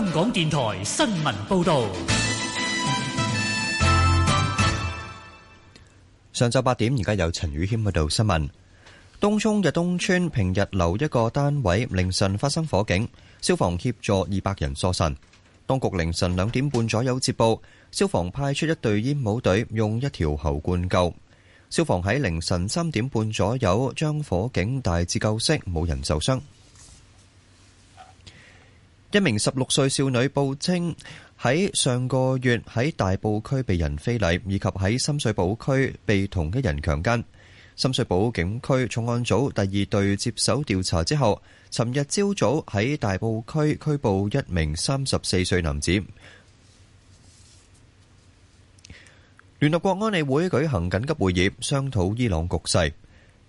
香港電台新聞報道：上晝八點，而家有陳宇謙喺度報新聞。東涌日東村平日留一個單位，凌晨發生火警，消防協助二百人疏散。當局凌晨兩點半左右接報，消防派出一隊煙帽隊，用一條喉灌救。消防喺凌晨三點半左右將火警大致救熄，冇人受傷。一名十六歲少女報稱喺上個月喺大埔區被人非禮，以及喺深水埗區被同一人強姦。深水埗警區重案組第二隊接手調查之後，尋日朝早喺大埔區拘捕一名三十四歲男子。聯合國安理會舉行緊急會議，商討伊朗局勢。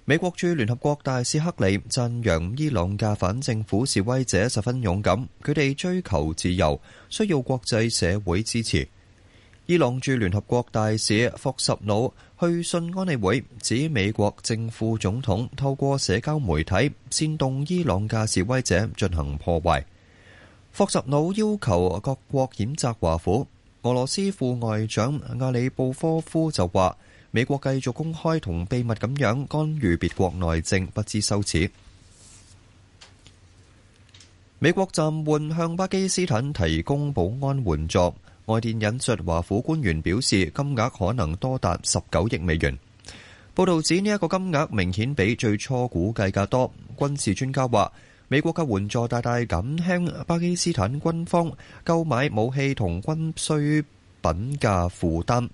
美國駐聯合國大使克里讚揚伊朗嘅反政府示威者十分勇敢，佢哋追求自由，需要國際社會支持。伊朗駐聯合國大使霍什努去信安理會，指美國政府總統透過社交媒體煽動伊朗嘅示威者進行破壞。霍什努要求各國譴責華府。俄羅斯副外長阿里布科夫就話。美國繼續公開同秘密咁樣干預別國內政，不知羞恥。美國暫緩向巴基斯坦提供保安援助，外電引述華府官員表示，金額可能多達十九億美元。報導指呢一個金額明顯比最初估計嘅多。軍事專家話，美國嘅援助大大減輕巴基斯坦軍方購買武器同軍需品嘅負擔。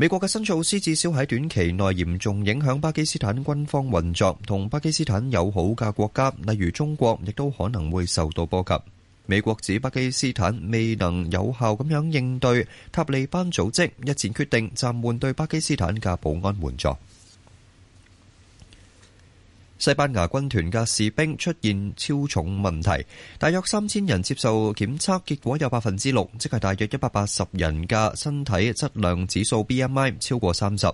美國嘅新措施至少喺短期內嚴重影響巴基斯坦軍方運作，同巴基斯坦友好嘅國家，例如中國亦都可能會受到波及。美國指巴基斯坦未能有效咁樣應對塔利班組織，日前決定暫緩對巴基斯坦嘅保安援助。西班牙軍團嘅士兵出現超重問題，大約三千人接受檢測，結果有百分之六，即係大約一百八十人嘅身體質量指數 BMI 超過三十。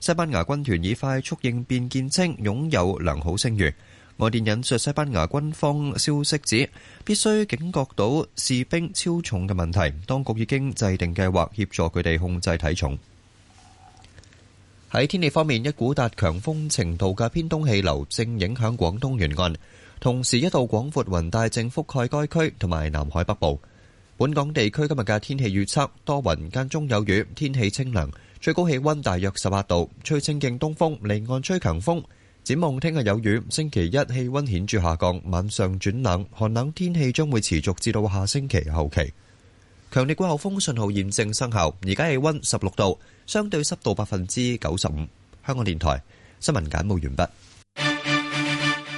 西班牙軍團以快速應變見稱，擁有良好聲譽。外電引述西班牙軍方消息指，必須警覺到士兵超重嘅問題，當局已經制定計劃協助佢哋控制體重。喺天氣方面，一股達強風程度嘅偏東氣流正影響廣東沿岸，同時一道廣闊雲帶正覆蓋該區同埋南海北部。本港地區今日嘅天氣預測，多雲間中有雨，天氣清涼，最高氣温大約十八度，吹清勁東風，離岸吹強風。展望聽日有雨，星期一氣温顯著下降，晚上轉冷，寒冷天氣將會持續至到下星期後期。強烈季候風信號驗證生效，而家氣溫十六度，相對濕度百分之九十五。香港電台新聞簡報完畢。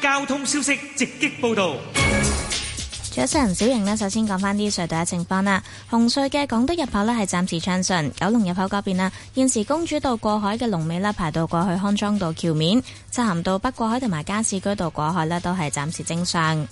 交通消息直擊報道。仲有市民小瑩呢。首先講翻啲隧道嘅情況啦。紅隧嘅港島入口呢，係暫時暢順，九龍入口嗰邊啦，現時公主道過海嘅龍尾呢，排到過去康莊道橋面，漆咸道北過海同埋加士居道過海呢，都係暫時正常。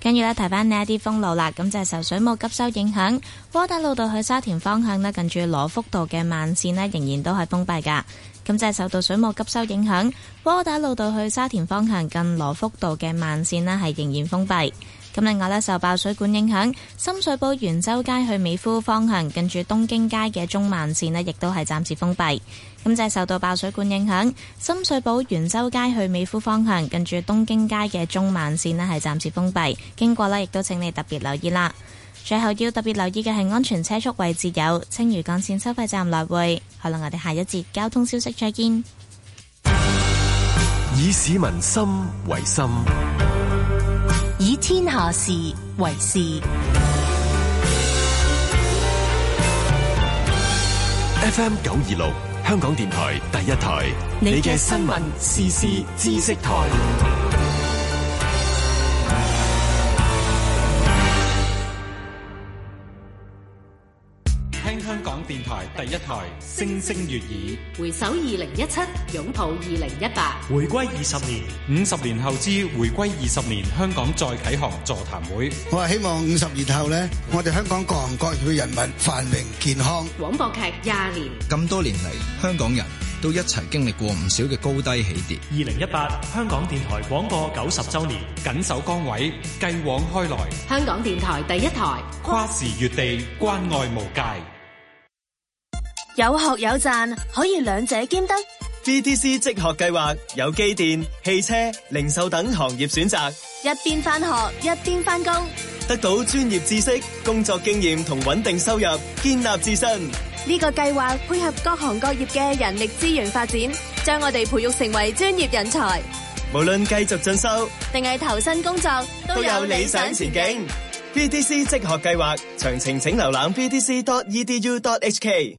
跟住咧，睇翻呢一啲封路啦。咁就係受水霧吸收影響，窩打路道去沙田方向呢，近住羅福道嘅慢線呢，仍然都係封閉噶。咁就係受到水霧吸收影響，窩打路道去沙田方向近羅福道嘅慢線呢，係仍然封閉。咁另外咧，受爆水管影響，深水埗元州街去美孚方向，近住東京街嘅中慢綫呢亦都係暫時封閉。咁就係受到爆水管影響，深水埗元州街去美孚方向，近住東京街嘅中慢綫呢係暫時封閉。經過呢亦都請你特別留意啦。最後要特別留意嘅係安全車速位置，有青嶼幹線收費站來回。好啦，我哋下一節交通消息再見。以市民心為心。天下事為事，FM 九二六香港電台第一台，你嘅新聞、時事、知識台。電台第一台，星星月耳；回首二零一七，擁抱二零一八，回歸二十年，五十年後之回歸二十年，香港再啟航座談會。我係希望五十年後咧，我哋香港各行各業嘅人民繁榮健康。廣播劇廿年，咁多年嚟，香港人都一齊經歷過唔少嘅高低起跌。二零一八，香港電台廣播九十周年，緊守崗位，繼往開來。香港電台第一台，跨時越地，關愛無界。有學有賺，可以兩者兼得。B T C 職學計劃有機電、汽車、零售等行業選擇，一邊返學一邊返工，得到專業知識、工作經驗同穩定收入，建立自身呢個計劃配合各行各業嘅人力資源發展，將我哋培育成為專業人才。無論繼續進修定係投身工作，都有理想前景。前景 B T C 職學計劃詳情，請瀏覽 b t c dot e d u dot h k。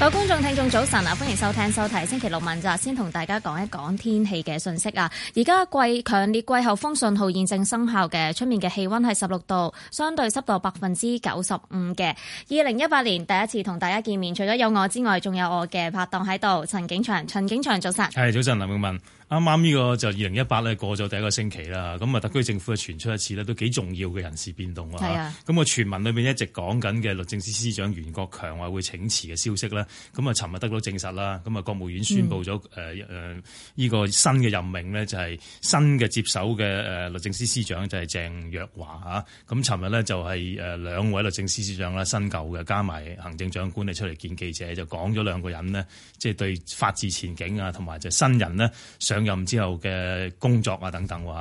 各位觀眾、聽眾，早晨啊！歡迎收聽、收睇星期六問責，先同大家講一講天氣嘅信息啊！而家季強烈季候風信號現正生效嘅，出面嘅氣温係十六度，相對濕度百分之九十五嘅。二零一八年第一次同大家見面，除咗有我之外，仲有我嘅拍檔喺度，陳景祥。陳景祥，早晨。係早晨，林永文。啱啱呢個就二零一八咧，過咗第一個星期啦，咁啊特區政府啊傳出一次呢都幾重要嘅人事變動啊，咁我傳聞裏面一直講緊嘅律政司司長袁國強話會請辭嘅消息啦，咁啊尋日得到證實啦，咁啊國務院宣布咗誒誒呢個新嘅任命呢，就係新嘅接手嘅律政司司長就係鄭若驊。咁尋日呢，就係誒兩位律政司司長啦，新舊嘅加埋行政長官你出嚟見記者就講咗兩個人呢，即係對法治前景啊同埋就新人呢。上任之後嘅工作等等啊，等等喎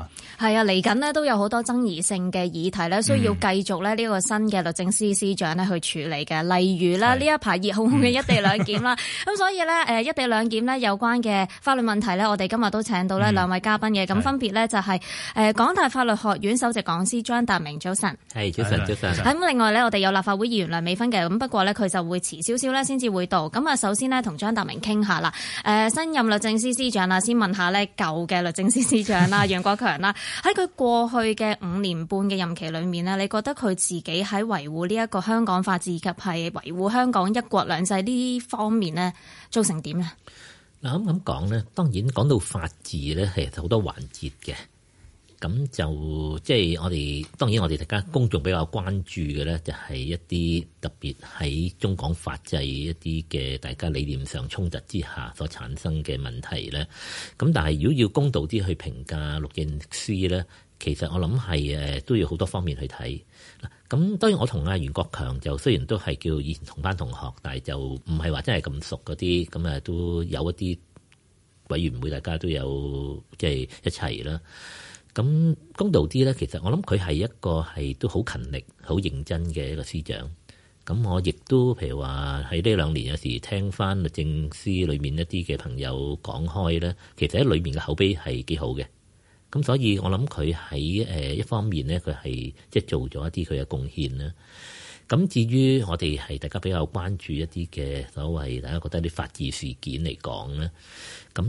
係啊，嚟緊呢都有好多爭議性嘅議題呢，需要繼續呢呢個新嘅律政司司長呢去處理嘅，例如啦，呢是一排熱烘烘嘅一地兩檢啦，咁 所以呢，「一地兩檢」呢有關嘅法律問題呢，我哋今日都請到呢兩位嘉賓嘅，咁是分別呢就係、是呃、港大法律學院首席講師張達明，早晨，係早晨，早晨。咁另外呢，我哋有立法會議員梁美芬嘅，咁不過呢，佢就會遲少少呢先至會到。咁啊，首先呢，同張達明傾下啦，誒、呃、新任律政司司長啊，先問下。咧舊嘅律政司司長啦，袁國強啦，喺佢過去嘅五年半嘅任期裏面呢，你覺得佢自己喺維護呢一個香港法治及係維護香港一國兩制呢方面呢，造成點呢？嗱咁咁講呢，當然講到法治咧，係好多環節嘅。咁就即係我哋，當然我哋大家公眾比較關注嘅咧，就係一啲特別喺中港法制一啲嘅大家理念上衝突之下所產生嘅問題咧。咁但係如果要公道啲去評價陸建熙咧，其實我諗係誒都要好多方面去睇嗱。咁當然我同阿袁國強就雖然都係叫以前同班同學，但係就唔係話真係咁熟嗰啲，咁啊都有一啲委員會，大家都有即係一齊啦。咁公道啲咧，其實我諗佢係一個係都好勤力、好認真嘅一個司長。咁我亦都譬如話喺呢兩年有時聽翻律政司裏面一啲嘅朋友講開咧，其實喺裏面嘅口碑係幾好嘅。咁所以我諗佢喺誒一方面呢，佢係即係做咗一啲佢嘅貢獻啦。咁至於我哋係大家比較關注一啲嘅所謂大家覺得啲法治事件嚟講咧，咁。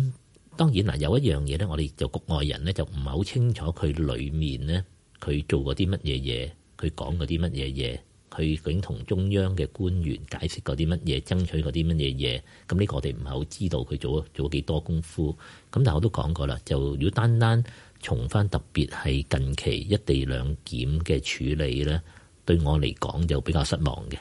當然啦，有一樣嘢咧，我哋就局外人咧，就唔係好清楚佢裡面咧，佢做過啲乜嘢嘢，佢講過啲乜嘢嘢，佢究竟同中央嘅官員解釋過啲乜嘢，爭取過啲乜嘢嘢。咁、這、呢個我哋唔係好知道佢做咗做幾多功夫。咁但係我都講過啦，就如果單單從翻特別係近期一地兩檢嘅處理咧，對我嚟講就比較失望嘅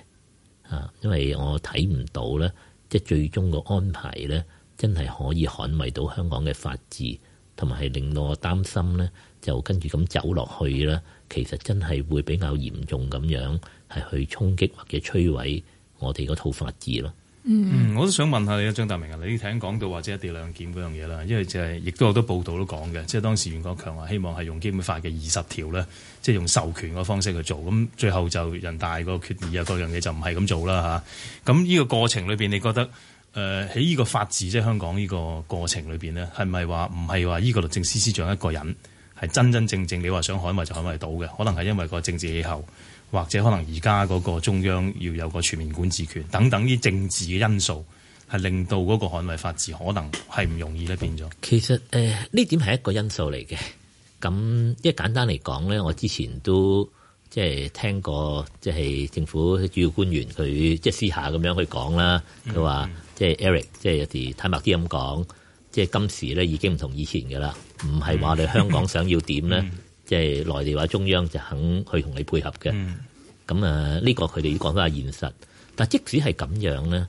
啊，因為我睇唔到咧，即係最終個安排咧。真係可以捍衛到香港嘅法治，同埋係令到我擔心呢，就跟住咁走落去啦。其實真係會比較嚴重咁樣，係去衝擊或者摧毀我哋嗰套法治咯。嗯，嗯，我都想問下你啊，張達明啊，你聽講到或者一地兩檢嗰樣嘢啦，因為就係亦都有好多報道都講嘅，即係當時袁國強話希望係用基本法嘅二十條呢，即係用授權個方式去做，咁最後就人大個決議啊，嗰樣嘢就唔係咁做啦嚇。咁呢個過程裏面，你覺得？誒喺呢個法治即係香港呢個過程裏面咧，係咪話唔係話依個律政司司長一個人係真真正正你話想捍衞就捍衞到嘅？可能係因為個政治氣候，或者可能而家嗰個中央要有個全面管治權等等啲政治嘅因素，係令到嗰個捍衞法治可能係唔容易咧，變咗。其實誒呢，呃，點係一個因素嚟嘅。咁即係簡單嚟講咧，我之前都即係聽過即係政府主要官員佢即係私下咁樣去講啦，佢話。嗯嗯即係 Eric，即係有時坦白啲咁講，即、就、係、是、今時咧已經唔同以前㗎啦，唔係話你香港想要點咧，即係內地話中央就肯去同你配合嘅。咁 啊，呢、這個佢哋要講翻下現實。但即使係咁樣咧、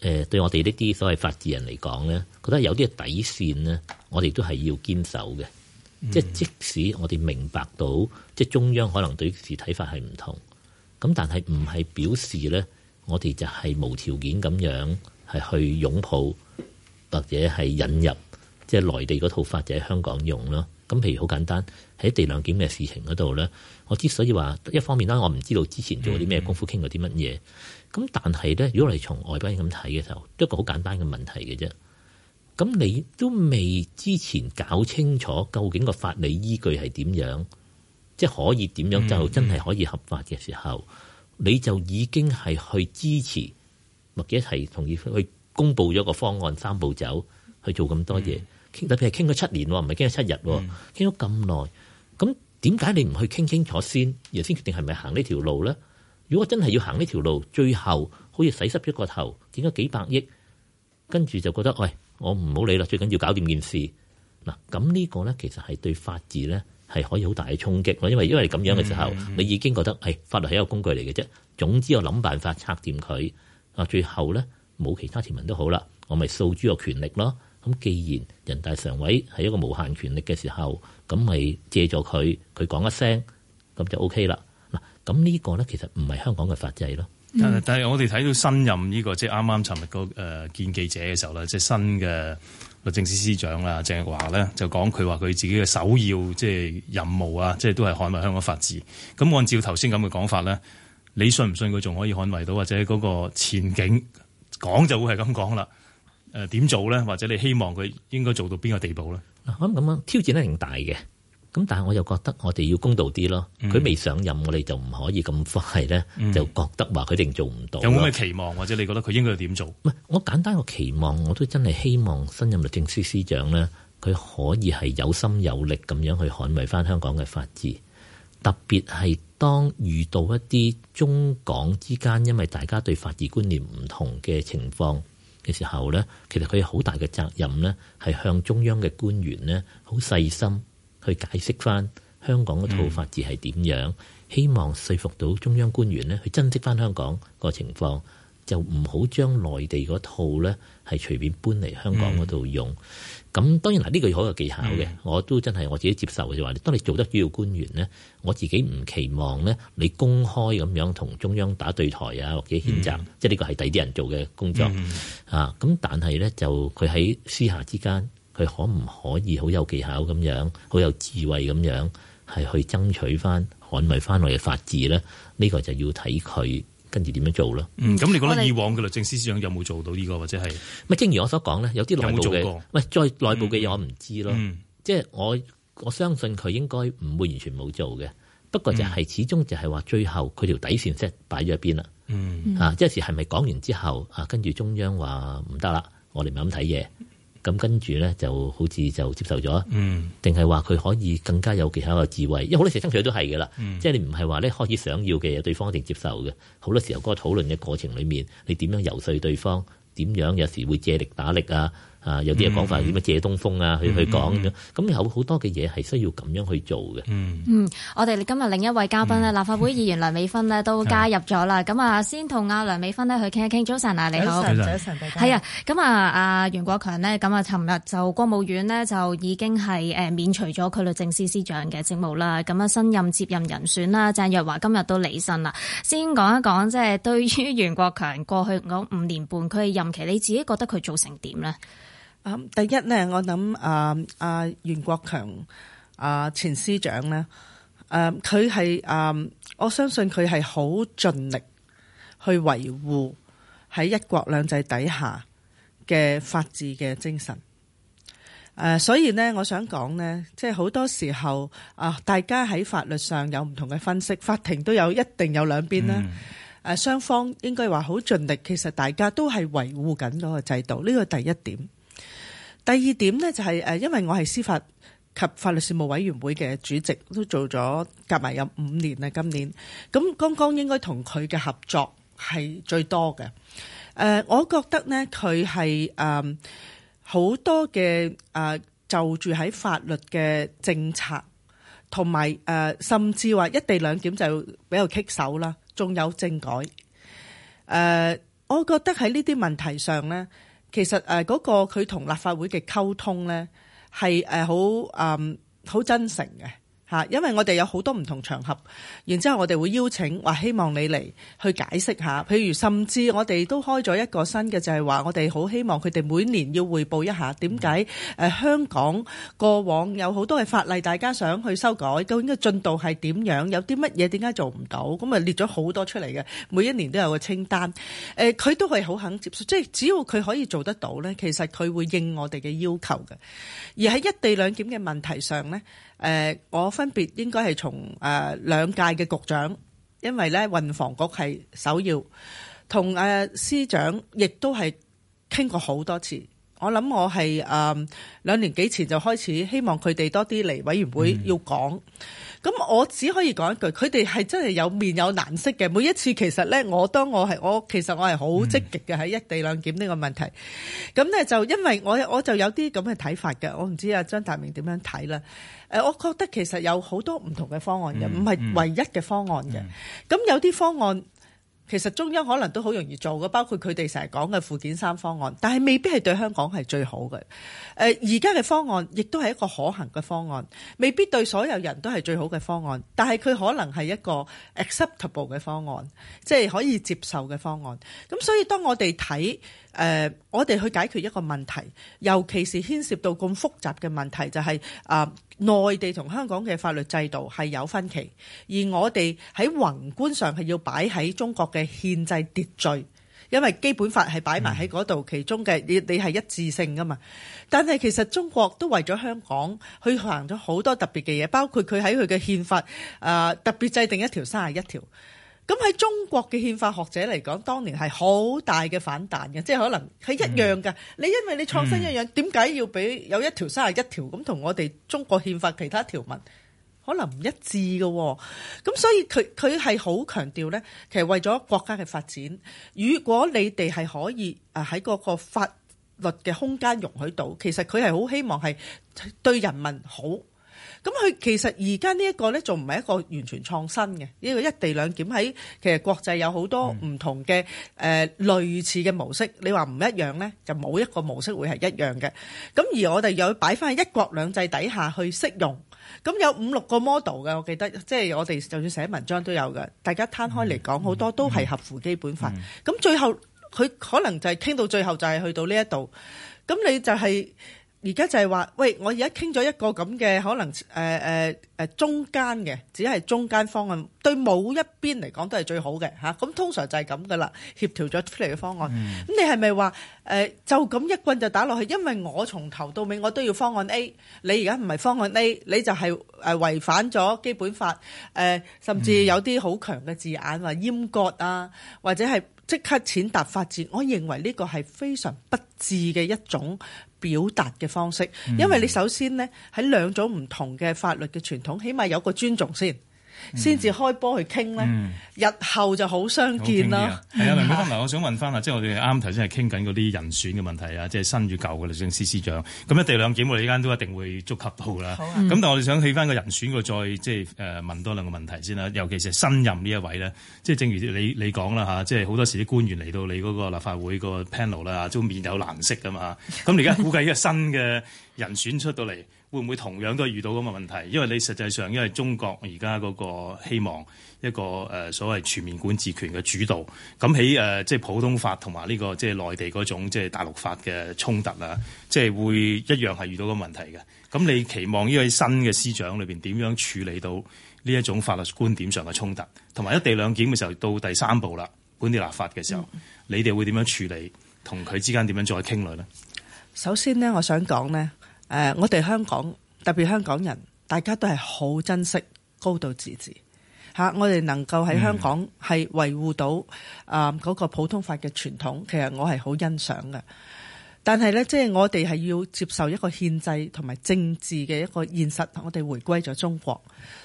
呃，對我哋呢啲所謂法治人嚟講咧，覺得有啲底線咧，我哋都係要堅守嘅。即 即使我哋明白到，即、就、係、是、中央可能對事睇法係唔同，咁但係唔係表示咧，我哋就係無條件咁樣。係去擁抱或者係引入，即係內地嗰套法，就喺香港用咯。咁譬如好簡單，喺地兩檢嘅事情嗰度咧，我之所以話一方面啦，我唔知道之前做啲咩功夫，傾過啲乜嘢。咁但係咧，如果你從外邊咁睇嘅時候，都一個好簡單嘅問題嘅啫。咁你都未之前搞清楚，究竟個法理依據係點樣，即係可以點樣就真係可以合法嘅時候，嗯嗯，你就已經係去支持，或者係同意去公佈咗個方案，三步走去做咁多嘢傾。嗯、特別係傾咗七年，唔係傾咗七日，傾咗咁耐。咁點解你唔去傾清楚先，然後先決定係咪行呢條路呢？如果真係要行呢條路，最後好似洗濕咗個頭，點解幾百億跟住就覺得喂、哎，我唔好理啦。最緊要搞掂件事嗱。咁呢個呢，其實係對法治呢，係可以好大嘅衝擊咯。因為因為咁樣嘅時候，嗯嗯、你已經覺得誒、哎、法律係一個工具嚟嘅啫。總之我諗辦法拆掂佢。最後咧冇其他條文都好啦，我咪訴諸個權力咯。咁既然人大常委係一個無限權力嘅時候，咁咪借咗佢，佢講一聲，咁就 OK 啦。嗱，咁呢個咧其實唔係香港嘅法制咯。嗯、但係，但我哋睇到新任呢、這個即係啱啱尋日個誒見記者嘅時候咧，即、就、係、是、新嘅律政司司長鄭、啊、鄭若驊咧就講佢話佢自己嘅首要即係、就是、任務啊，即、就、係、是、都係捍衞香港法治。咁按照頭先咁嘅講法咧。你信唔信佢仲可以捍衞到，或者嗰個前景講就會係咁講啦。誒、呃、點做咧？或者你希望佢應該做到邊個地步咧？咁咁樣挑戰一定大嘅。咁但係我又覺得我哋要公道啲咯。佢、嗯、未上任，我哋就唔可以咁快咧，嗯、就覺得話佢定做唔到。有冇咩期望或者你覺得佢應該要點做？唔係我簡單個期望，我都真係希望新任律政司司長咧，佢可以係有心有力咁樣去捍衞翻香港嘅法治。特別係當遇到一啲中港之間，因為大家對法治觀念唔同嘅情況嘅時候呢，其實佢有好大嘅責任呢，係向中央嘅官員呢，好細心去解釋翻香港嗰套法治係點樣，希望說服到中央官員呢，去珍惜翻香港個情況，就唔好將內地嗰套呢，係隨便搬嚟香港嗰度用。咁當然嗱，呢個好有技巧嘅。我都真係我自己接受嘅，就話你當你做得主要官員呢，我自己唔期望呢，你公開咁樣同中央打對台啊，或者譴責，嗯、即係呢個係第二啲人做嘅工作啊。咁、嗯、但係呢，就佢喺私下之間，佢可唔可以好有技巧咁樣，好有智慧咁樣係去爭取翻捍衞翻我嘅法治呢？呢個就要睇佢。跟住點樣做咯？嗯，咁你覺得以往嘅律政司司長有冇做到呢個或者係？咪正如我所講咧，有啲內部嘅，有冇做過？喂，再內部嘅嘢我唔知咯。即係、嗯嗯、我我相信佢應該唔會完全冇做嘅。不過就係始終就係話最後佢條底線 set 擺咗一邊啦、嗯。嗯，啊，即係時係咪講完之後啊，跟住中央話唔得啦，我哋唔咁睇嘢。咁跟住咧，就好似就接受咗，定係話佢可以更加有其他嘅智慧？因為好多時爭取都係㗎啦，即係你唔係話咧開始想要嘅嘢，對方一定接受嘅。好多時候嗰、嗯、個討論嘅過程裏面，你點樣游説對方，點樣有時會借力打力啊？啊！有啲嘢講法，點乜借東風啊？去去講咁、嗯、樣咁有好多嘅嘢係需要咁樣去做嘅。嗯，我哋今日另一位嘉賓咧，嗯、立法會議員梁美芬呢都加入咗啦。咁啊的，先同阿梁美芬呢去傾一傾。早晨啊，你好，早晨，早晨，大家，係啊的，咁啊，阿袁國強呢。咁啊，尋日就國務院呢，就已經係誒免除咗佢律政司司長嘅職務啦。咁啊，新任接任人選啦，鄭若驊今日都履新啦。先講一講，即係對於袁國強過去嗰五年半佢嘅任期，你自己覺得佢做成點呢？第一呢，我諗阿阿袁國強阿、呃、前司長呢，誒、呃，佢係誒，我相信佢係好盡力去維護喺一國兩制底下嘅法治嘅精神。誒、呃，所以呢，我想講呢，即係好多時候啊、呃，大家喺法律上有唔同嘅分析，法庭都有一定有兩邊啦。誒、嗯，呃、雙方應該話好盡力，其實大家都係維護緊嗰個制度，呢個第一點。第二點呢，就係誒，因為我係司法及法律事務委員會嘅主席，都做咗夾埋有五年啦。今年咁剛剛應該同佢嘅合作係最多嘅。誒、呃，我覺得呢，佢係誒好多嘅誒、呃、就住喺法律嘅政策，同埋誒甚至話一地兩檢就比較棘手啦。仲有政改誒、呃，我覺得喺呢啲問題上呢。其實誒個佢同立法會嘅溝通咧係誒好誒好真誠嘅。吓，因為我哋有好多唔同場合，然之後我哋會邀請，話希望你嚟去解釋下。譬如甚至我哋都開咗一個新嘅，就係話我哋好希望佢哋每年要匯報一下點解誒香港過往有好多嘅法例，大家想去修改，究竟個進度係點樣？有啲乜嘢點解做唔到？咁啊列咗好多出嚟嘅，每一年都有個清單。誒，佢都係好肯接受，即係只要佢可以做得到呢，其實佢會應我哋嘅要求嘅。而喺一地兩檢嘅問題上呢。誒、呃，我分別應該係從誒、呃、兩屆嘅局長，因為咧運防局係首要，同誒、啊、司長亦都係傾過好多次。我諗我係誒、呃、兩年幾前就開始希望佢哋多啲嚟委員會要講。咁、嗯、我只可以講一句，佢哋係真係有面有難色嘅。每一次其實咧，我當我係我其實我係好積極嘅喺一地兩檢呢個問題。咁咧、嗯、就因為我我就有啲咁嘅睇法嘅，我唔知呀，張達明點樣睇啦。誒，我覺得其實有好多唔同嘅方案嘅，唔係唯一嘅方案嘅。咁、嗯嗯、有啲方案其實中央可能都好容易做嘅，包括佢哋成日講嘅附件三方案，但係未必係對香港係最好嘅。誒，而家嘅方案亦都係一個可行嘅方案，未必對所有人都係最好嘅方案，但係佢可能係一個 acceptable 嘅方案，即係可以接受嘅方案。咁所以當我哋睇。誒、呃，我哋去解決一個問題，尤其是牽涉到咁複雜嘅問題，就係、是、啊、呃，內地同香港嘅法律制度係有分歧，而我哋喺宏觀上係要擺喺中國嘅憲制秩序，因為基本法係擺埋喺嗰度，嗯、其中嘅你你係一致性㗎嘛。但係其實中國都為咗香港去行咗好多特別嘅嘢，包括佢喺佢嘅憲法啊、呃、特別制定一條三十一條。咁喺中國嘅憲法學者嚟講，當年係好大嘅反彈嘅，即係可能係一樣嘅。你因為你創新一樣，點解要俾有一條三十一條咁同我哋中國憲法其他條文可能唔一致嘅？咁所以佢佢係好強調呢，其實為咗國家嘅發展，如果你哋係可以誒喺嗰個法律嘅空間容許到，其實佢係好希望係對人民好。咁佢其實而家呢一個呢，仲唔係一個完全創新嘅呢個一地兩檢，喺其實國際有好多唔同嘅誒類似嘅模式，你話唔一樣呢，就冇一個模式會係一樣嘅。咁而我哋又擺翻喺一國兩制底下去適用，咁有五六個 model 嘅，我記得，即係我哋就算寫文章都有嘅，大家攤開嚟講，好多都係合乎基本法。咁最後佢可能就係傾到最後就係去到呢一度，咁你就係。而家就係話，喂，我而家傾咗一個咁嘅可能，誒、呃、誒、呃、中間嘅，只係中間方案，對冇一邊嚟講都係最好嘅，咁、啊、通常就係咁噶啦，協調咗出嚟嘅方案。咁、嗯、你係咪話就咁一棍就打落去？因為我從頭到尾我都要方案 A，你而家唔係方案 A，你就係誒違反咗基本法，誒、呃、甚至有啲好強嘅字眼話閹割啊，或者係。即刻踐踏法治，我認為呢個係非常不智嘅一種表達嘅方式，因為你首先呢，喺兩種唔同嘅法律嘅傳統，起碼有個尊重先。先至、嗯、開波去傾咧，嗯、日後就好相見啦。係、嗯、啊，嗱，嗯、我想問翻啊，即係我哋啱頭先係傾緊嗰啲人選嘅問題啊，即係新與舊嘅律政司司長。咁一地兩檢，我哋呢間都一定會觸及到啦。好咁、啊、但我哋想起翻個人選，我再即係誒問多兩個問題先啦。尤其是新任呢一位咧，即係正如你你講啦吓，即係好多時啲官員嚟到你嗰個立法會個 panel 啦，都面有難色㗎嘛。咁而家估計呢個新嘅人選出到嚟。 會唔會同樣都係遇到咁嘅問題？因為你實際上因為中國而家嗰個希望一個誒、呃、所謂全面管治權嘅主導，咁喺誒即係普通法同埋呢個即係內地嗰種即係大陸法嘅衝突啦，即係會一樣係遇到個問題嘅。咁你期望呢位新嘅司長裏邊點樣處理到呢一種法律觀點上嘅衝突，同埋一地兩檢嘅時候到第三步啦，本地立法嘅時候，嗯、你哋會點樣處理同佢之間點樣再傾嚟呢？首先呢，我想講呢。呃、我哋香港特別香港人，大家都係好珍惜高度自治、啊、我哋能夠喺香港係維護到啊嗰、呃那個普通法嘅傳統，其實我係好欣賞嘅。但係呢，即、就、係、是、我哋係要接受一個憲制同埋政治嘅一個現實，我哋回歸咗中國，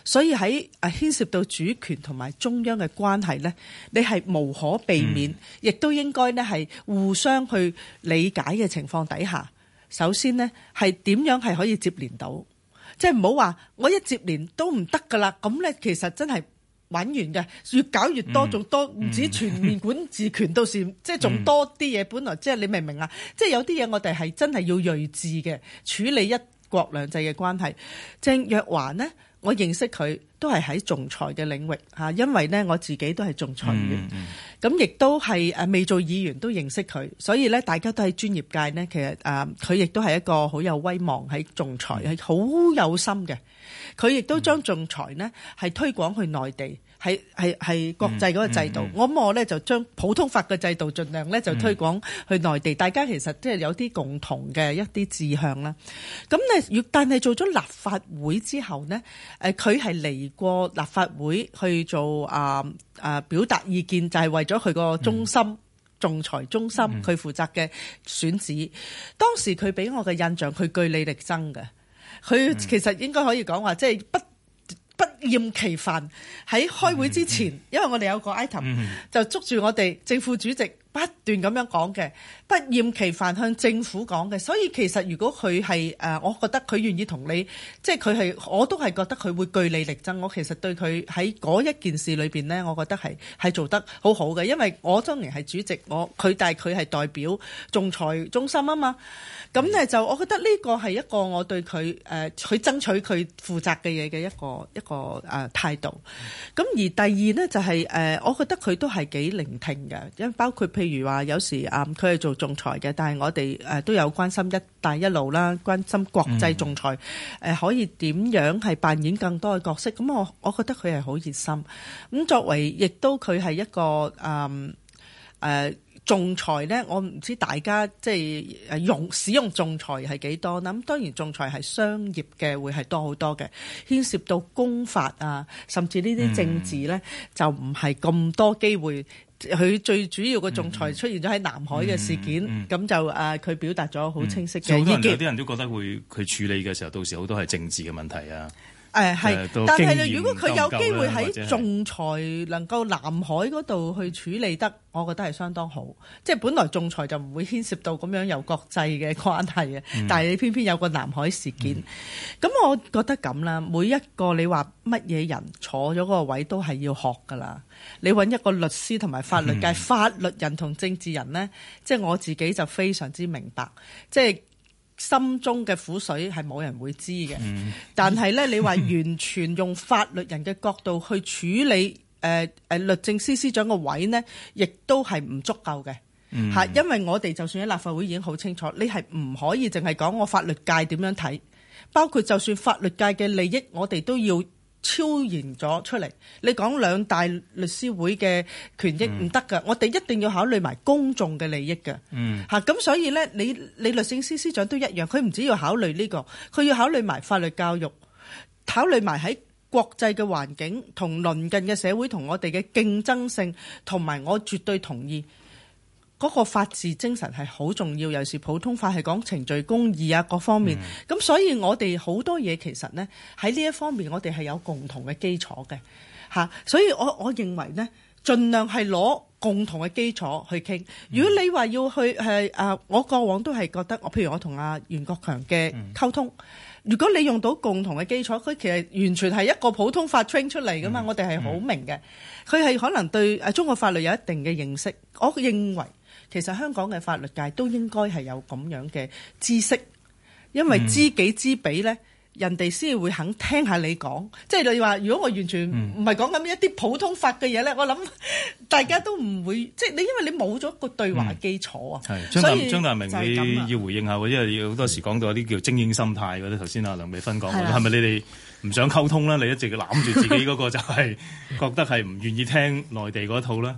所以喺牽涉到主權同埋中央嘅關係呢，你係無可避免，亦、嗯、都應該呢係互相去理解嘅情況底下。首先呢，係點樣係可以接連到？即係唔好話我一接連都唔得噶啦。咁呢，其實真係玩完嘅，越搞越多，仲多唔止全面管治權。到時 即係仲多啲嘢。本來即係你明唔明啊？即係有啲嘢我哋係真係要睿智嘅處理一國兩制嘅關係。鄭若驊呢。我認識佢都係喺仲裁嘅領域嚇，因為咧我自己都係仲裁員，咁亦、嗯嗯、都係誒未做議員都認識佢，所以咧大家都係專業界咧，其實誒佢亦都係一個好有威望喺仲裁，係好、嗯、有心嘅，佢亦都將仲裁咧係推廣去內地。係係係國際嗰個制度，嗯嗯嗯、我咁我咧就將普通法嘅制度盡量咧就推廣去內地，嗯、大家其實即係有啲共同嘅一啲志向啦。咁咧但係做咗立法會之後呢，佢係嚟過立法會去做啊、呃呃、表達意見，就係、是、為咗佢個中心、嗯、仲裁中心佢負責嘅選址。嗯嗯、當時佢俾我嘅印象，佢據理力爭嘅，佢其實應該可以講話即係不不厭其煩喺開會之前，嗯嗯、因為我哋有個 item，就捉住我哋政副主席不斷咁樣講嘅。不厭其煩向政府講嘅，所以其實如果佢係，誒，我覺得佢願意同你，即係佢係我都係覺得佢會據理力爭，我其實對佢喺嗰一件事裏邊咧，我覺得係係做得好好嘅，因為我當年係主席，我佢但係佢係代表仲裁中心啊嘛。咁咧就我覺得呢個係一個我對佢誒佢爭取佢負責嘅嘢嘅一個一個誒、呃、態度。咁而第二咧就係、是、誒、呃、我覺得佢都係幾聆聽嘅，因為包括譬如話有時啊，佢係做。仲裁嘅，但係我哋誒都有關心一帶一路啦，關心國際仲裁誒，可以點樣係扮演更多嘅角色？咁我我覺得佢係好熱心。咁作為亦都佢係一個誒誒、嗯呃、仲裁咧，我唔知大家即係用使用仲裁係幾多？咁當然仲裁係商業嘅會係多好多嘅，牽涉到公法啊，甚至呢啲政治咧、嗯、就唔係咁多機會。佢最主要嘅仲裁出現咗喺南海嘅事件，咁、嗯嗯嗯、就誒，佢表達咗好清晰嘅意見。有啲人都覺得會佢處理嘅時候，到時好多係政治嘅問題啊。誒係，但係如果佢有機會喺仲裁能夠南海嗰度去處理得，是我覺得係相當好。即、就、係、是、本來仲裁就唔會牽涉到咁樣有國際嘅關係嘅，嗯、但係你偏偏有個南海事件，咁、嗯、我覺得咁啦。每一個你話乜嘢人坐咗嗰個位都係要學㗎啦。你揾一個律師同埋法律界、嗯、法律人同政治人呢，即、就、係、是、我自己就非常之明白，即、就是心中嘅苦水係冇人會知嘅，嗯、但係咧，你話完全用法律人嘅角度去處理、 呃、律政司司長嘅位呢，亦都係唔足夠嘅、嗯、因為我哋就算喺立法會已經好清楚，你係唔可以淨係講我法律界點樣睇，包括就算法律界嘅利益，我哋都要。超然咗出嚟，你講兩大律師會嘅權益唔得噶，我哋一定要考慮埋公眾嘅利益嘅。嗯，嚇，咁所以咧，你你律政司司長都一樣，佢唔止要考慮呢個，佢要考慮埋法律教育，考慮埋喺國際嘅環境同鄰近嘅社會同我哋嘅競爭性，同埋我絕對同意。嗰個法治精神係好重要，尤其是普通法係講程序公義啊各方面。咁、嗯、所以我哋好多嘢其實呢喺呢一方面，我哋係有共同嘅基礎嘅嚇、啊、所以我我認為呢，盡量係攞共同嘅基礎去傾。如果你話要去係啊，我過往都係覺得我，譬如我同阿、啊、袁國強嘅溝通，嗯、如果你用到共同嘅基礎，佢其實完全係一個普通法 train 出嚟噶嘛。嗯、我哋係好明嘅，佢係可能對中國法律有一定嘅認識。我認為。其實香港嘅法律界都應該係有咁樣嘅知識，因為知己知彼咧，嗯、人哋先會肯聽下你講。即係你話，如果我完全唔係講緊一啲普通法嘅嘢咧，嗯、我諗大家都唔會、嗯、即係你，因為你冇咗個對話基礎啊。張達、嗯、張達明，你要回應下，因為要好多時講到啲叫精英心態嗰啲頭先阿梁美芬講嗰，係咪你哋唔想溝通啦？你一直攬住自己嗰個就係覺得係唔願意聽內地嗰套啦。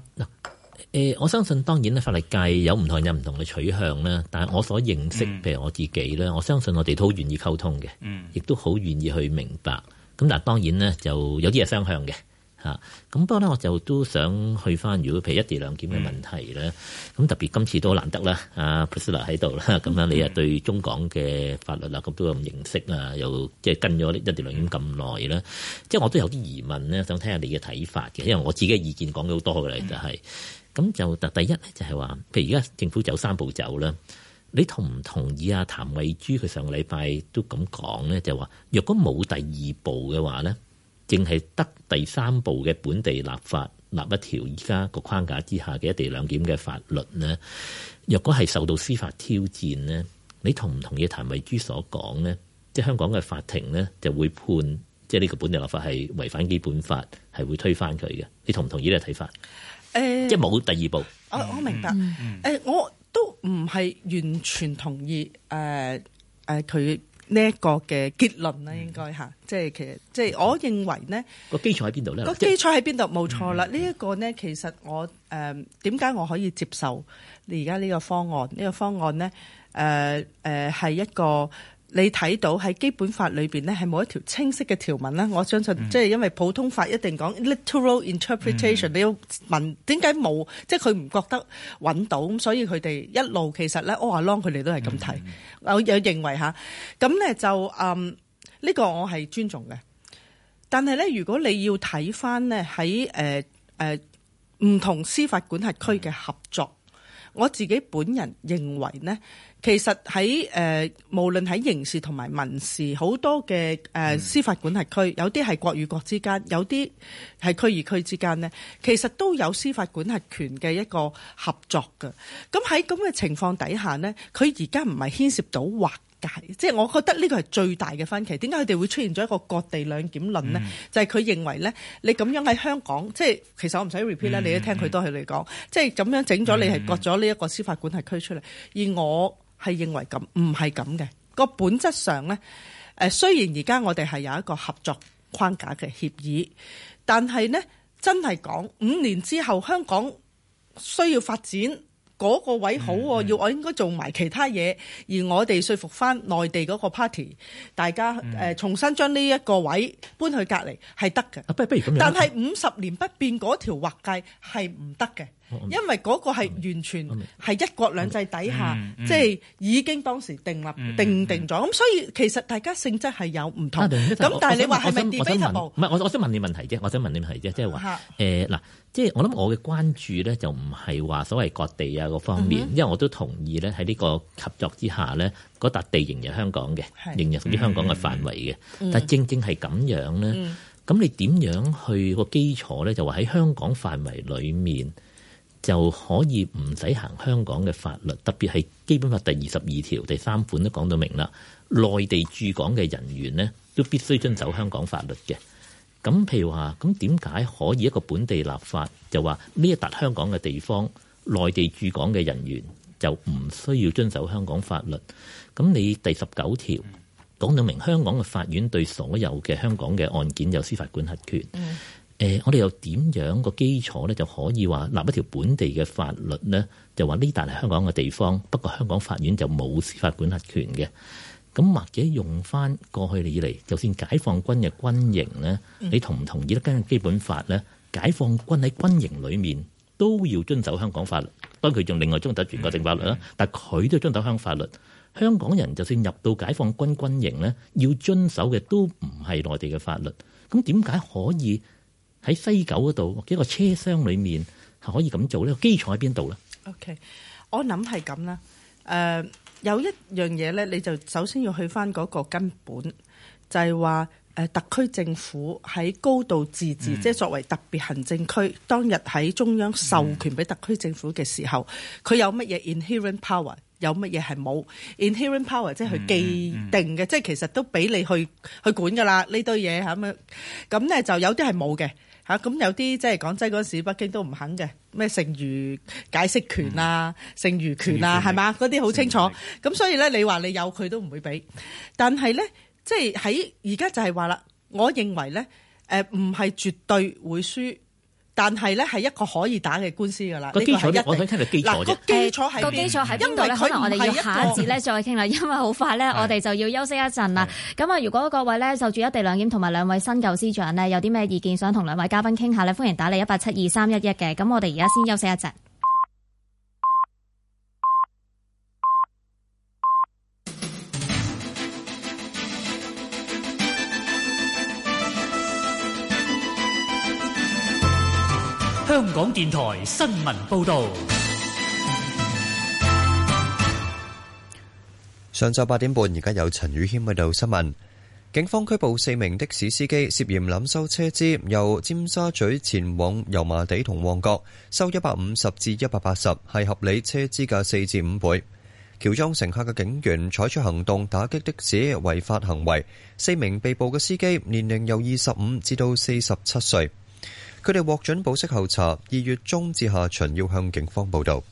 誒，我相信當然咧，法律界有唔同人有唔同嘅取向啦。但係我所認識，譬如我自己咧，我相信我哋都好願意溝通嘅，亦都好願意去明白。咁但係當然咧，就有啲係相向嘅嚇。咁不過咧，我就都想去翻，如果譬如一地兩檢嘅問題咧，咁、嗯、特別今次都難得啦。啊，Priscilla 喺度啦，咁樣、嗯、 你又對中港嘅法律啊咁多咁認識啊，又即係跟咗一地兩檢咁耐啦，即係我都有啲疑問咧，想聽下你嘅睇法嘅，因為我自己嘅意見講咗好多嘅啦，嗯、就係、是。咁就第第一咧，就係話，譬如而家政府走三步走啦，你同唔同意啊？譚慧珠佢上個禮拜都咁講咧，就話若果冇第二步嘅話咧，淨係得第三步嘅本地立法立一條而家個框架之下嘅一地兩檢嘅法律咧，若果係受到司法挑戰咧，你同唔同意譚慧珠所講咧？即係香港嘅法庭咧，就會判即係呢個本地立法係違反基本法，係會推翻佢嘅。你同唔同意呢個睇法？誒，呃、即係冇第二步。我我明白，誒、嗯嗯呃，我都唔係完全同意，誒、呃、誒，佢呢一個嘅結論啦，應該吓，即係其實，即係我認為咧，個基礎喺邊度咧？個基礎喺邊度？冇錯啦，錯這個、呢一個咧，其實我誒點解我可以接受你而家呢個方案？呢、這個方案咧，誒誒係一個。你睇到喺基本法裏邊咧，係冇一條清晰嘅條文咧。我相信，即係因為普通法一定講 literal interpretation，你要問點解冇，即係佢唔覺得揾到，咁所以佢哋一路其實咧，all along 佢哋都係咁睇。我有認為嚇，咁咧就，啊呢個我係尊重嘅。但係咧，如果你要睇翻咧，喺誒誒唔同司法管轄區嘅合作。我自己本人認為呢，其實喺誒、呃、無論喺刑事同埋民事，好多嘅、呃、司法管轄區，有啲係國與國之間，有啲係區與區之間呢，其實都有司法管轄權嘅一個合作嘅。咁喺咁嘅情況底下呢，佢而家唔係牽涉到或解，即係我覺得呢個係最大嘅分歧。點解佢哋會出現咗一個各地兩檢論呢？嗯、就係佢認為呢，你咁樣喺香港，即係其實我唔使 repeat 啦，嗯、你都聽佢多佢哋講，嗯、即係咁樣整咗，你係割咗呢一個司法管轄區出嚟。嗯、而我係認為咁，唔係咁嘅。個本質上呢，誒，雖然而家我哋係有一個合作框架嘅協議，但係呢，真係講五年之後，香港需要發展。嗰位好、啊，嗯、要我應該做埋其他嘢，而我哋說服翻內地嗰 party，大家誒、嗯呃、重新將呢、啊、一個位搬去隔離係得嘅。不如，但係五十年不變嗰條劃界係唔得嘅。因為嗰個係完全係一國兩制底下，即係已經當時定立定定咗，咁所以其實大家性質係有唔同。咁但係你話係咪？我想問唔係我，我想問你問題啫。我想問你問題啫，即係話誒嗱，即係我諗我嘅關注咧，就唔係話所謂割地啊個方面，因為我都同意咧喺呢個合作之下咧，嗰笪地仍然香港嘅，仍然屬於香港嘅範圍嘅。但正正係咁樣咧，咁你點樣去個基礎咧？就話喺香港範圍裡面。就可以唔使行香港嘅法律，特別係基本法第二十二條第三款都講到明啦。內地駐港嘅人員呢都必須遵守香港法律嘅。咁譬如話，咁點解可以一個本地立法就話呢一笪香港嘅地方，內地駐港嘅人員就唔需要遵守香港法律？咁你第十九條講到明，香港嘅法院對所有嘅香港嘅案件有司法管轄權。誒、欸，我哋又點樣個基礎咧，就可以話立一條本地嘅法律咧？就話呢笪係香港嘅地方，不過香港法院就冇司法管轄權嘅？咁或者用翻過去以嚟，就算解放軍嘅軍營咧，你同唔同意咧？根據基本法咧，解放軍喺軍營裡面都要遵守香港法律。當佢仲另外遵守全國性法律啦，嗯、但佢都要遵守香港法律。香港人就算入到解放軍軍營咧，要遵守嘅都唔係內地嘅法律。咁點解可以？喺西九嗰度幾個車廂裏面係可以咁做呢咧，基礎喺邊度咧？OK，我諗係咁啦。誒、呃，有一樣嘢咧，你就首先要去翻嗰個根本，就係話誒特區政府喺高度自治，嗯、即係作為特別行政區，當日喺中央授權俾特區政府嘅時候，佢、嗯、有乜嘢 inherent power，有乜嘢係冇 inherent power，即係佢既定嘅，嗯嗯、即係其實都俾你去去管噶啦呢堆嘢嚇咩？咁咧就有啲係冇嘅。咁、啊、有啲即係講真嗰陣時，北京都唔肯嘅咩剩餘解釋權啊、剩餘、嗯、權啊，係嘛嗰啲好清楚咁，所以咧你話你有佢都唔會俾。但係咧，即係喺而家就係話啦，我認為咧誒唔係絕對會輸。但係咧，係一個可以打嘅官司噶啦。個基礎，我想聽個基礎係個、啊、基礎係邊度咧？可能我哋要下一節咧再傾啦。因為好快咧，是的 我哋就要休息一陣啦。咁啊，如果各位咧就住一地兩檢同埋兩位新舊司長呢，有啲咩意見，想同兩位嘉賓傾下咧，歡迎打你一八七二三一一嘅。咁我哋而家先休息一陣。香港電台新聞報道：上晝八點半，而家有陳宇謙喺度新聞。警方拘捕四名的士司機，涉嫌濫收車資，由尖沙咀前往油麻地同旺角，收一百五十至一百八十，係合理車資嘅四至五倍。喬裝乘客嘅警員採取行動打擊的士違法行為。四名被捕嘅司機年齡由二十五至到四十七歲。佢哋獲准保釋後，查二月中至下旬要向警方報導。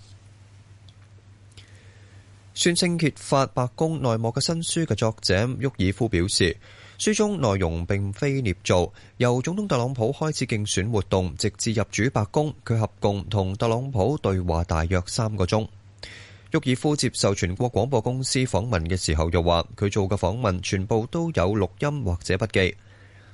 宣稱揭發白宮內幕嘅新書嘅作者沃爾夫表示，書中內容並非捏造。由總統特朗普開始競選活動，直至入主白宮，佢合共同特朗普對話大約三個鐘。沃爾夫接受全國廣播公司訪問嘅時候又，又話佢做嘅訪問全部都有錄音或者筆記。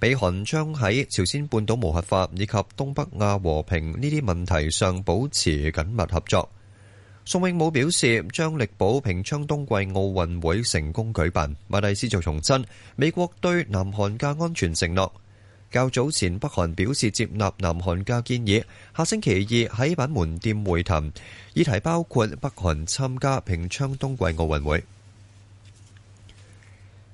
北韓將喺朝鮮半島無核化以及東北亞和平呢啲問題上保持緊密合作。宋永武表示將力保平昌冬季奧運會成功舉辦。馬蒂斯就重申美國對南韓嘅安全承諾。較早前北韓表示接納南韓嘅建議，下星期二喺板門店會談，議題包括北韓參加平昌冬季奧運會。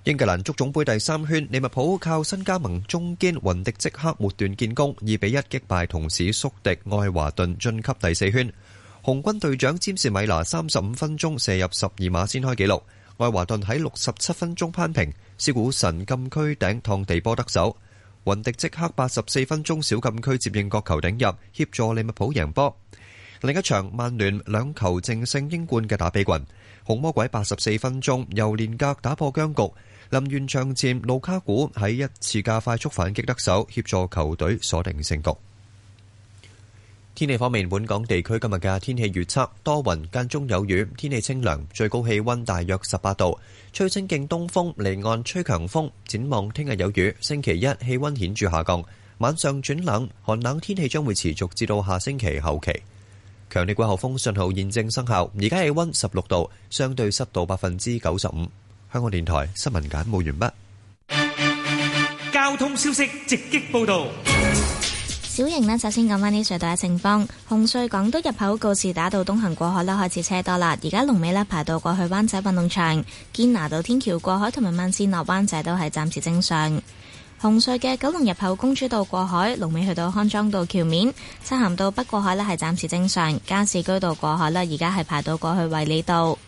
英格蘭足總盃第三圈，利物浦靠新加盟中堅雲迪即克末段建功，二比一擊敗同市宿敵愛華頓晉級第四圈。紅軍隊長詹士米拿，三十五分鐘射入十二碼先開紀錄，愛華頓喺六十七分鐘攀平，試估神禁區頂趟地波得手。雲迪即克八十四分鐘小禁區接應角球頂入，協助利物浦贏波。另一場曼聯兩球正勝英冠嘅打比郡，紅魔鬼八十四分鐘由連格打破僵局。臨完場前路卡古喺一次價快速反擊得手，協助球隊鎖定勝局。天氣方面，本港地區今日嘅天氣預測多雲間中有雨，天氣清涼，最高氣温大約十八度，吹清勁東風，離岸吹強風。展望聽日有雨，星期一氣温顯著下降，晚上轉冷，寒冷天氣將會持續至到下星期後期。強烈季候風信號現正生效，而家氣温十六度，相對濕度百分之九十五。香港電台新聞簡報完畢。交通消息直擊報道。小瑩呢，首先講翻啲隧道嘅情況。紅隧港島入口告士打道東行過海啦，開始車多啦，而家龍尾呢，排到過去灣仔運動場。堅拿道天橋過海同埋慢綫，落灣仔都係暫時正常。紅隧嘅九龍入口公主道過海龍尾去到康莊道橋面，漆咸道北過海呢係暫時正常。加士居道過海啦，而家係排到過去衛理道。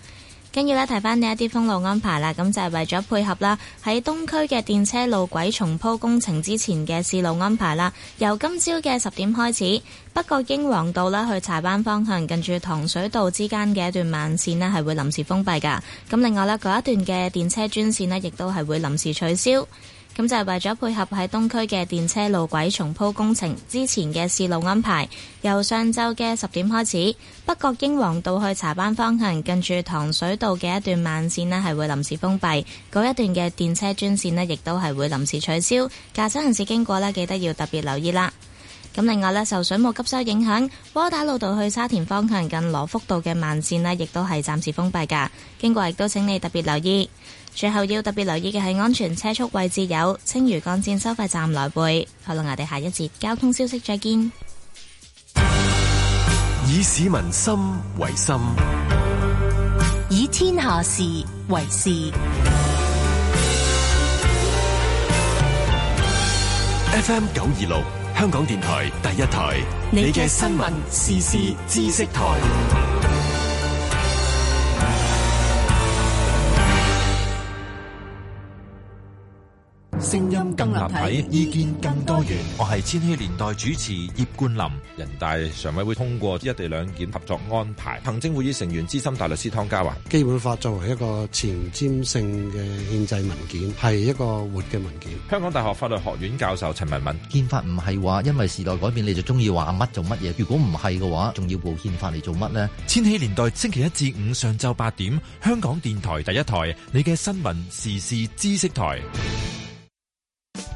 跟住咧，睇返呢一啲封路安排啦，咁就係為咗配合啦，喺東區嘅電車路軌重鋪工程之前嘅試路安排啦。由今朝嘅十點開始，北角英皇道啦去柴灣方向近住糖水道之間嘅一段慢線呢係會臨時封閉噶。咁另外呢，嗰一段嘅電車專線呢亦都係會臨時取消。咁就係為咗配合喺東區嘅電車路軌重鋪工程之前嘅試路安排，由上週嘅十點開始，北角英皇道去柴灣方向，近住糖水道嘅一段慢線呢係會臨時封閉，嗰一段嘅電車專線呢亦都係會臨時取消，駕駛人士經過呢記得要特別留意啦。咁另外呢，受水務急收影響，窩打老道去沙田方向近羅福道嘅慢線呢亦都係暫時封閉噶，經過亦都請你特別留意。最後要特別留意嘅係安全車速位置有青嶼幹線收費站來回。好啦，我哋下一節交通消息再見。以市民心為心，以天下事為事。FM 九二六，香港電台第一台，你嘅新聞時事知識台。聲音更立體，意見更多元。我係千禧年代主持葉冠霖。人大常委會通過一地兩檢合作安排。行政會議成員資深大律師湯家驊，基本法作為一個前瞻性嘅憲制文件，係一個活嘅文件。香港大學法律學院教授陳文敏，憲法唔係話因為時代改變你就中意話乜做乜嘢。如果唔係嘅話，仲要補憲法嚟做乜呢？千禧年代星期一至五上晝八點，香港電台第一台，你嘅新聞時事知識台。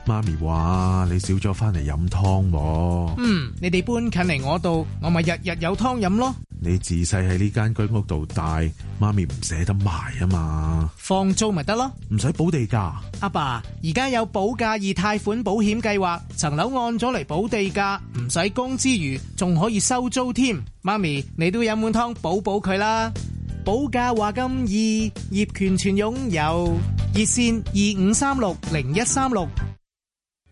媽咪話：你少咗翻嚟飲湯。嗯，你哋搬近嚟我度，我咪日日有湯飲咯。你自細喺呢間居屋度大，媽咪唔捨得賣啊嘛。放租咪得咯，唔使補地價。阿爸，而家有補價易貸款保險計劃，層樓按咗嚟補地價，唔使供之餘，仲可以收租添。媽咪，你都飲碗湯補補佢啦。補價話咁易，業權全擁有熱線二五三六零一三六。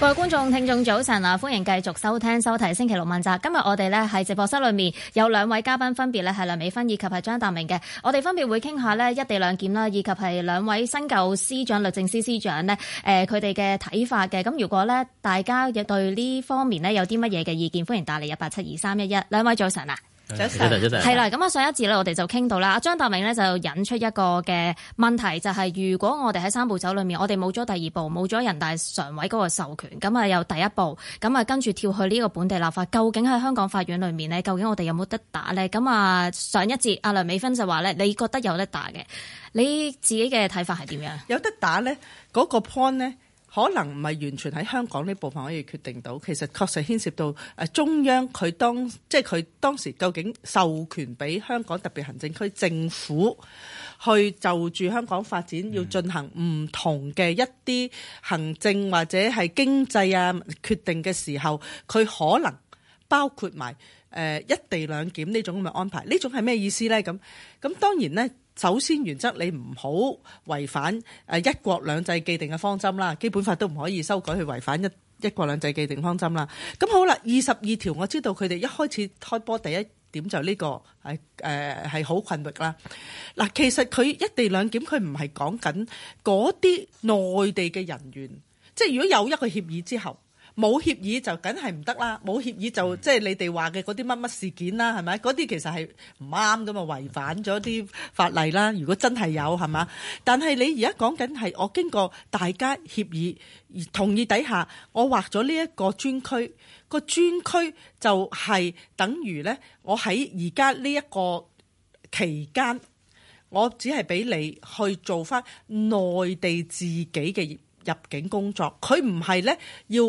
各位觀眾、聽眾早晨啊，歡迎繼續收聽收睇星期六問責。今日我哋咧喺直播室裏面有兩位嘉賓，分別咧係梁美芬以及係張達明嘅。我哋分別會傾下咧一地兩檢啦，以及係兩位新舊司長、律政司司長咧誒，佢哋嘅睇法嘅。咁如果咧大家亦對呢方面咧有啲乜嘢嘅意見，歡迎打嚟一八七二三一一。兩位早晨啊！係啦，咁啊上一節咧，我哋就傾到啦。阿張達明咧就引出一個嘅問題，就係、是、如果我哋喺三步走裏面，我哋冇咗第二步，冇咗人大常委嗰個授權，咁啊有第一步，咁啊跟住跳去呢個本地立法，究竟喺香港法院裏面呢？究竟我哋有冇得打呢？咁啊上一節阿梁美芬就話呢：「你覺得有得打嘅，你自己嘅睇法係點樣？有得打呢？嗰、那個 point 可能唔係完全喺香港呢部分可以決定到，其實確實牽涉到誒中央佢當即係佢當時究竟授權俾香港特別行政區政府去就住香港發展，要進行唔同嘅一啲行政或者係經濟啊決定嘅時候，佢可能包括埋誒、呃、一地兩檢呢種咁嘅安排，呢種係咩意思咧？咁咁當然咧。首先原則，你唔好違反誒一國兩制既定嘅方針啦，基本法都唔可以修改去違反一一國兩制既定方針啦。咁好啦，二十二條我知道佢哋一開始開波第一點就呢個係誒係好困難啦。嗱，其實佢一地兩檢佢唔係講緊嗰啲內地嘅人員，即係如果有一個協議之後。冇協議就梗係唔得啦，冇協議就即係你哋話嘅嗰啲乜乜事件啦，係咪？嗰啲其實係唔啱㗎嘛，違反咗啲法例啦。如果真係有係嘛？但係你而家講緊係我經過大家協議同意底下，我劃咗呢一個專區，個專區就係等於呢，我喺而家呢一個期間，我只係俾你去做返內地自己嘅入境工作，佢唔係呢，要。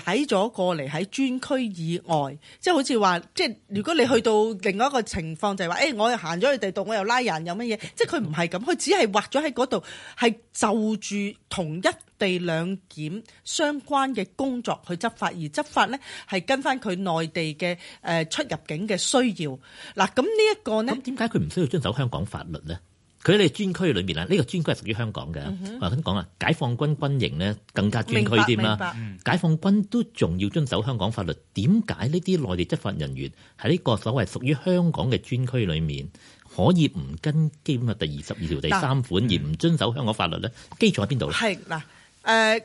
踩咗過嚟喺專區以外，即係好似話，即係如果你去到另外一個情況，就係話，誒，我又行咗去地度，我又拉人，又乜嘢，即係佢唔係咁，佢只係劃咗喺嗰度，係就住同一地兩檢相關嘅工作去執法，而執法咧係跟翻佢內地嘅誒出入境嘅需要嗱。咁呢一個咧，咁點解佢唔需要遵守香港法律咧？佢哋專區裏面啊，呢、呢個專區係屬於香港嘅。我頭先講啦，解放軍軍營咧更加專區添啦。解放軍都仲要遵守香港法律，點解呢啲內地執法人員喺呢個所謂屬於香港嘅專區裏面可以唔跟基本法第二十二條第三款、嗯、而唔遵守香港法律咧？基礎喺邊度咧？係嗱，誒、呃、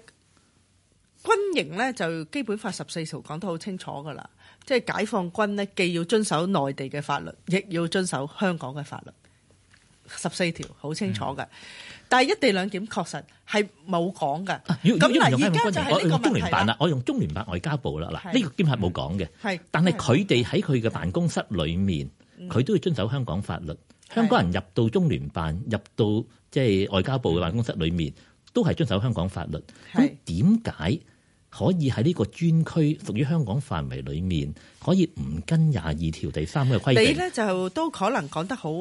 軍營咧就基本法十四條講得好清楚㗎啦，即係解放軍咧既要遵守內地嘅法律，亦要遵守香港嘅法律。十四條好清楚㗎，但係一地兩檢確實係冇講㗎。咁嗱，而家就係個問題。中聯辦啦，我用中聯辦外交部啦。嗱，呢個兼係冇講嘅。係，但係佢哋喺佢嘅辦公室裡面，佢都要遵守香港法律。香港人入到中聯辦，入到即係外交部嘅辦公室裡面，都係遵守香港法律。咁點解？可以喺呢個專區屬於香港範圍裏面，可以唔跟廿二條第三嘅規定。你咧就都可能講得好，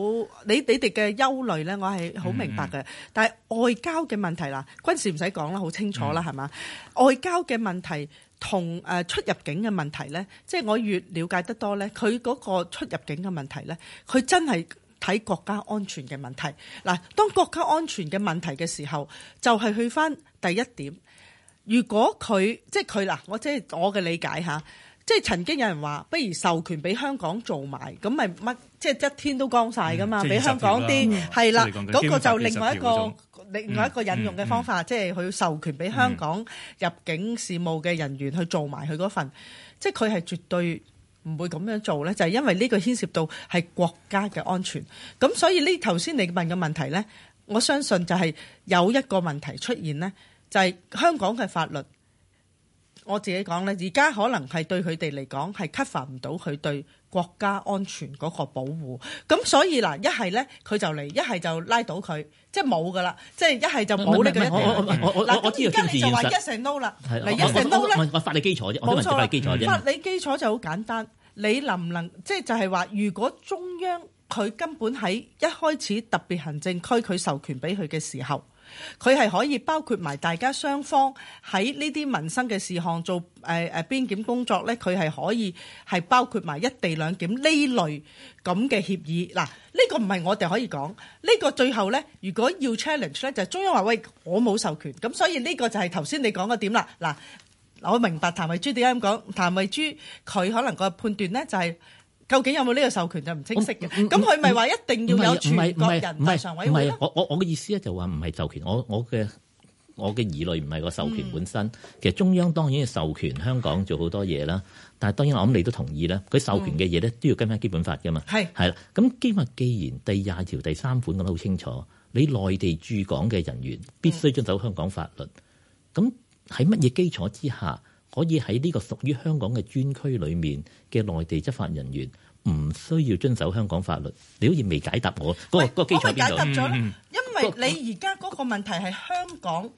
你你哋嘅憂慮咧，我係好明白嘅。嗯、但係外交嘅問題啦，軍事唔使講啦，好清楚啦，係嘛，嗯？外交嘅問題同誒出入境嘅問題咧，即係我越了解得多咧，佢嗰個出入境嘅問題咧，佢真係睇國家安全嘅問題。嗱，當國家安全嘅問題嘅時候，就係去翻第一點。如果佢即係佢嗱，即我即係我嘅理解吓，即係曾經有人話，不如授權俾香港做埋，咁咪乜即係一天都光晒噶嘛？俾、嗯、香港啲係啦，嗰個就另外一個話另外一個引用嘅方法，嗯嗯嗯、即係佢授權俾香港入境事務嘅人員、嗯、去做埋佢嗰份，嗯、即係佢係絕對唔會咁樣做咧，就係、是、因為呢個牽涉到係國家嘅安全。咁所以呢頭先你問嘅問題咧，我相信就係有一個問題出現咧。就係香港嘅法律，我自己講咧，而家可能係對佢哋嚟講係 cover 唔到佢對國家安全嗰個保護，咁所以嗱，一係咧佢就嚟，一係就拉到佢，即係冇㗎喇，即係一係就冇呢個一點。嗱，我依家就話一成 no 啦，嚟一成 no 咧。我法理基礎啫，冇錯。法理基礎就好簡單，你能唔能即係就係話，如果中央佢根本喺一開始特別行政區佢授權俾佢嘅時候？佢係可以包括埋大家雙方喺呢啲民生嘅事項做誒誒邊檢工作咧，佢係可以係包括埋一地兩檢呢類咁嘅協議。嗱，呢個唔係我哋可以講，呢個最後咧，如果要 challenge 咧，就係中央話喂，我冇授權，咁所以呢個就係頭先你講嘅點啦。嗱，我明白譚慧珠點解咁講，譚慧珠佢可能個判斷咧就係。究竟有冇呢個授權就唔清晰嘅，咁佢咪話一定要有全國人大常委會咯？我我我嘅意思咧就話唔係授權，我我嘅我嘅疑慮唔係個授權本身。嗯、其實中央當然授權香港做好多嘢啦，但係當然我諗你都同意啦。佢授權嘅嘢咧都要跟翻基本法嘅嘛。係係啦，咁基本既然第廿條第三款講得都好清楚，你內地駐港嘅人員必須遵守香港法律。咁喺乜嘢基礎之下？可以喺呢個屬於香港嘅專區裏面嘅內地執法人員唔需要遵守香港法律。你好似未解答我，個個基礎邊度？我解答咗啦，因為你而家嗰個問題係香港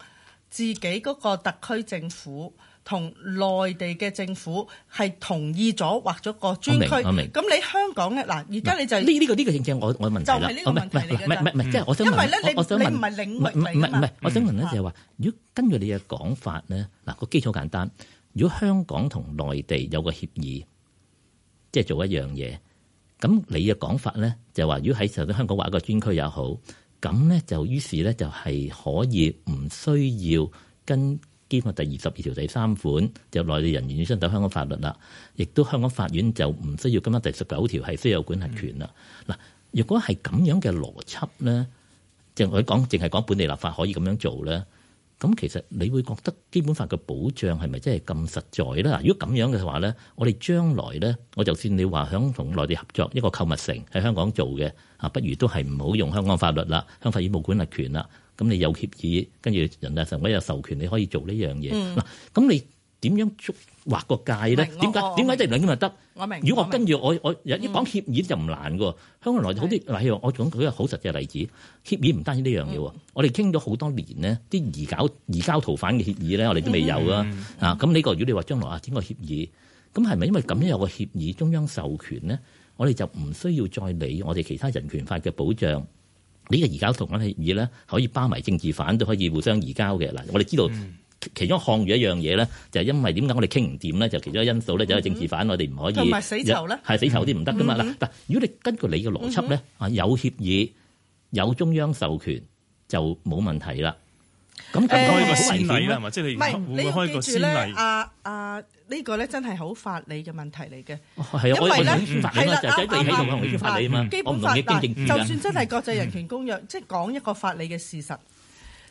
自己嗰個特區政府同內地嘅政府係同意咗劃咗個專區。我明，我明。咁你香港咧，嗱，而家你就呢呢個呢個正正，我我問題啦。就係呢個問題嚟㗎。唔係唔係唔係，即係我想問，因為咧你你唔係領域嚟㗎嘛？唔唔係，我想問咧就係話，如果根據你嘅講法咧，嗱個基礎簡單。如果香港同內地有個協議，即係做一樣嘢，咁你嘅講法咧，就話如果喺時候香港劃個專區又好，咁咧就於是咧就係可以唔需要跟基本第二十二條第三款就內地人員要申到香港法律啦，亦都香港法院就唔需要今日第十九條係非有管轄權啦。嗱、嗯，如果係咁樣嘅邏輯咧，即係我講淨係講本地立法可以咁樣做咧。咁其實你會覺得基本法嘅保障係咪真係咁實在咧？如果咁樣嘅話咧，我哋將來咧，我就算你話想同內地合作一個購物城喺香港做嘅，啊，不如都係唔好用香港法律啦，香港法院冇管轄權啦，咁你有協議，跟住人大常委有授權，你可以做呢、嗯、樣嘢。嗱，咁你點樣捉？劃個界咧，點解點解定兩咁就得？如果我跟住我我一講協議就唔難嘅喎。香港來好啲嗱，我總舉個好實際嘅例子，協議唔單止呢樣嘢喎。我哋傾咗好多年呢啲移交移交逃犯嘅協議咧，我哋都未有啊，咁呢個如果你話將來啊整個協議，咁係咪因為咁樣有個協議中央授權咧，我哋就唔需要再理我哋其他人權法嘅保障呢個移交逃犯嘅協議咧，可以包埋政治犯都可以互相移交嘅嗱。我哋知道。其中抗住一樣嘢咧，就係因為點解我哋傾唔掂咧？就係其中一個因素咧，就係政治犯我哋唔可以，同埋死囚咧，係死囚啲唔得噶嘛？嗱嗱，如果你根據你嘅邏輯咧，啊有協議，有中央授權就冇問題啦。咁開個先例啦，即係你會開個先例。唔係你諗住咧，阿阿呢個咧真係好法理嘅問題嚟嘅。係啊，因為咧，係啦，阿阿阿基本法就唔同嘅經營，就算真係國際人權公約，即係講一個法理嘅事實。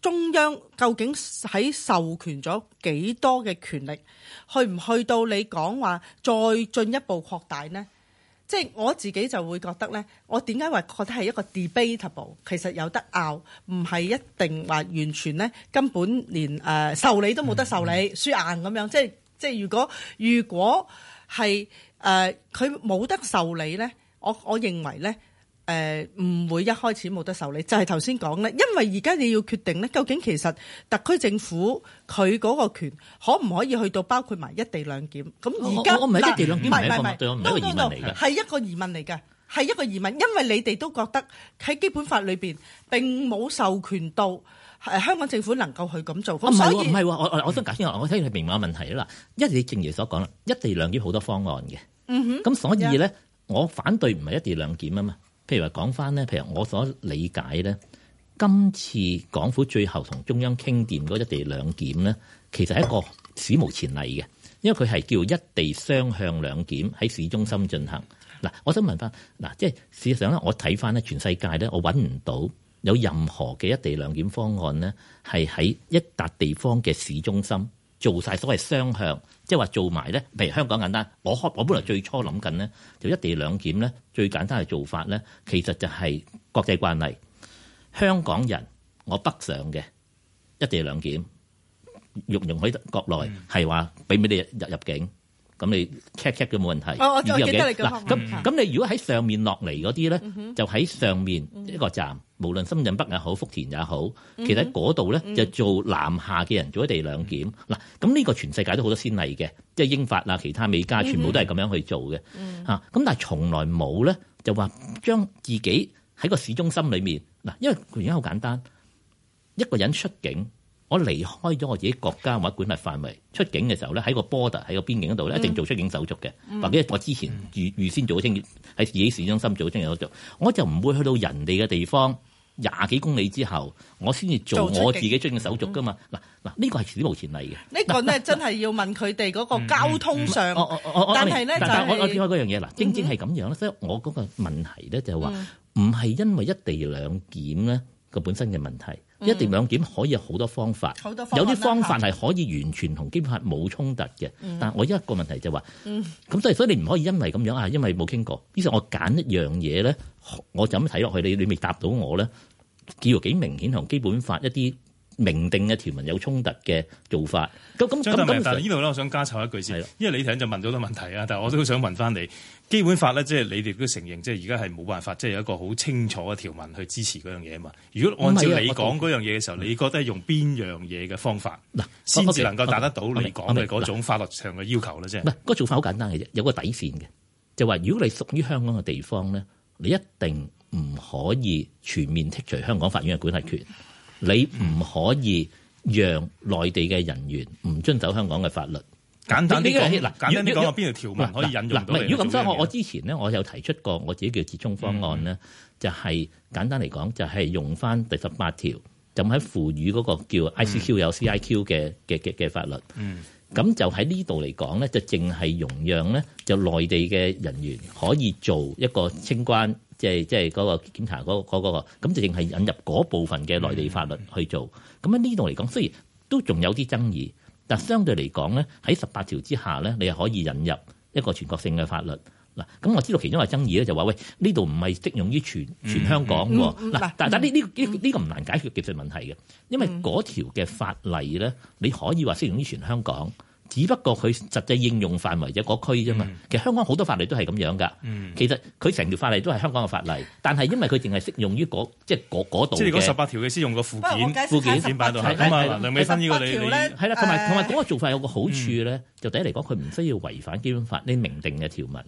中央究竟喺授權咗幾多嘅權力？去唔去到你講話再進一步擴大呢？即係我自己就會覺得呢，我點解話覺得係一個 debatable？其實有得拗，唔係一定話完全呢。根本連誒受理都冇得受理，輸硬咁樣。即係即係如果如果係誒佢冇得受理呢，我我認為呢。誒唔會一開始冇得受理，就係頭先講咧，因為而家你要決定咧，究竟其實特區政府佢嗰個權可唔可以去到包括埋一地兩檢咁？而家我唔係一地兩檢，係一個問都都係一個疑問嚟嘅，係一個疑問，因為你哋都覺得喺基本法裏面並冇授權到香港政府能夠去咁做。我唔係唔我我想解釋我聽你明碼問題啦。一嚟，正如所講啦，一地兩檢好多方案嘅，咁所以咧，我反對唔係一地兩檢啊嘛。譬如話講翻咧，譬如我所理解咧，今次港府最後同中央傾掂嗰一地兩檢咧，其實係一個史無前例嘅，因為佢係叫一地雙向兩檢喺市中心進行。嗱，我想問翻，嗱，即係事實上咧，我睇翻咧全世界咧，我揾唔到有任何嘅一地兩檢方案咧，係喺一笪地方嘅市中心。做晒所謂雙向，即係話做埋咧，譬如香港簡單，我開我本來最初諗緊咧，就一地兩檢咧，最簡單嘅做法咧，其實就係國際慣例，香港人我北上嘅一地兩檢，容容喺國內，係話俾俾你入入境。咁你 check check 嘅冇問題，哦，有得嗱，咁咁、嗯、你如果喺上面落嚟嗰啲咧，嗯、哼就喺上面一個站，嗯、哼無論深圳北也好、福田也好，其實喺嗰度咧就做南下嘅人、嗯、哼做一地兩檢。嗱，咁呢個全世界都好多先例嘅，即係英法啊、其他美加全部都係咁樣去做嘅。嗯、哼啊，咁但係從來冇咧，就話將自己喺個市中心裏面嗱，因為原因好簡單，一個人出境。我離開咗我自己國家或者管轄範圍出境嘅時候咧，喺個 border 喺個邊境度咧，一定做出境手續嘅。或者、嗯、我之前預預先做清潔喺自己市中心做清潔嗰度，我就唔會去到人哋嘅地方廿幾公里之後，我先至做我自己的出境手續噶嘛。嗱嗱、嗯，呢個係史無前例嘅。個呢個咧、嗯、真係要問佢哋嗰個交通上，嗯嗯嗯、但係咧但就係、是、我我撇開嗰樣嘢嗱，正正係咁樣啦。嗯、所以我嗰個問題咧就係話，唔係、嗯、因為一地兩檢咧個本身嘅問題。一地兩檢可以有好多方法，嗯、有啲方法係可以完全同基本法冇衝突嘅。嗯、但係我一個問題就話、是、咁，所以、嗯、所以你唔可以因為咁樣啊，因為冇傾過。於是，我揀一樣嘢咧，我就咁睇落去，你你未答到我咧，叫做幾明顯同基本法一啲明定嘅條文有衝突嘅做法。張達明，那那但係呢度咧，我想加插一句先，的因為李生就問咗好多問題啊，但係我都好想問翻你，基本法咧，即係你哋都承認，即係而家係冇辦法，即係有一個好清楚嘅條文去支持嗰樣嘢啊嘛。如果按照你講嗰樣嘢嘅時候，啊、你覺得用邊樣嘢嘅方法嗱，先至的能夠達得到你講嘅嗰種法律上嘅要求咧，即係唔係？個做法好簡單嘅啫，有個底線嘅，就話如果你屬於香港嘅地方咧，你一定唔可以全面剔除香港法院嘅管轄權。你唔可以讓內地嘅人員唔遵守香港嘅法律。簡單啲講，嗱，簡單啲講，有邊條條文可以引用到你？如果咁樣，我我之前咧，我有提出過我自己叫折衷方案咧，嗯，就是，就係簡單嚟講，就係用翻第十八條，就喺賦予嗰個叫 I C Q、嗯、有 C I Q 嘅嘅嘅嘅法律。咁、嗯、就喺呢度嚟講咧，就淨係容讓咧，就內地嘅人員可以做一個清關。即係即係嗰個檢查，嗰嗰個，咁就淨係引入嗰部分嘅內地法律去做。咁喺呢度嚟講，雖然都仲有啲爭議，但相對嚟講咧，喺十八條之下咧，你係可以引入一個全國性嘅法律嗱。咁我知道其中嘅爭議咧，就話，喂，呢度唔係適用於全全香港喎嗱，但但呢呢呢呢個唔難解決技術問題嘅，因為嗰條嘅法例咧，你可以話適用於全香港。只不過佢實際應用範圍就嗰區啫嘛，其實香港好多法例都係咁樣噶。其實佢成條法例都係香港嘅法例，但係因為佢淨係適用於嗰、嗯、即係度即係嗰十八條嘅先用個附件，附件擺到。咁啊、哎，梁美芬呢個你你係啦，同埋同埋嗰個做法有，有，有，有個好處咧，就第一嚟講，佢唔需要違反基本法呢明定嘅條文。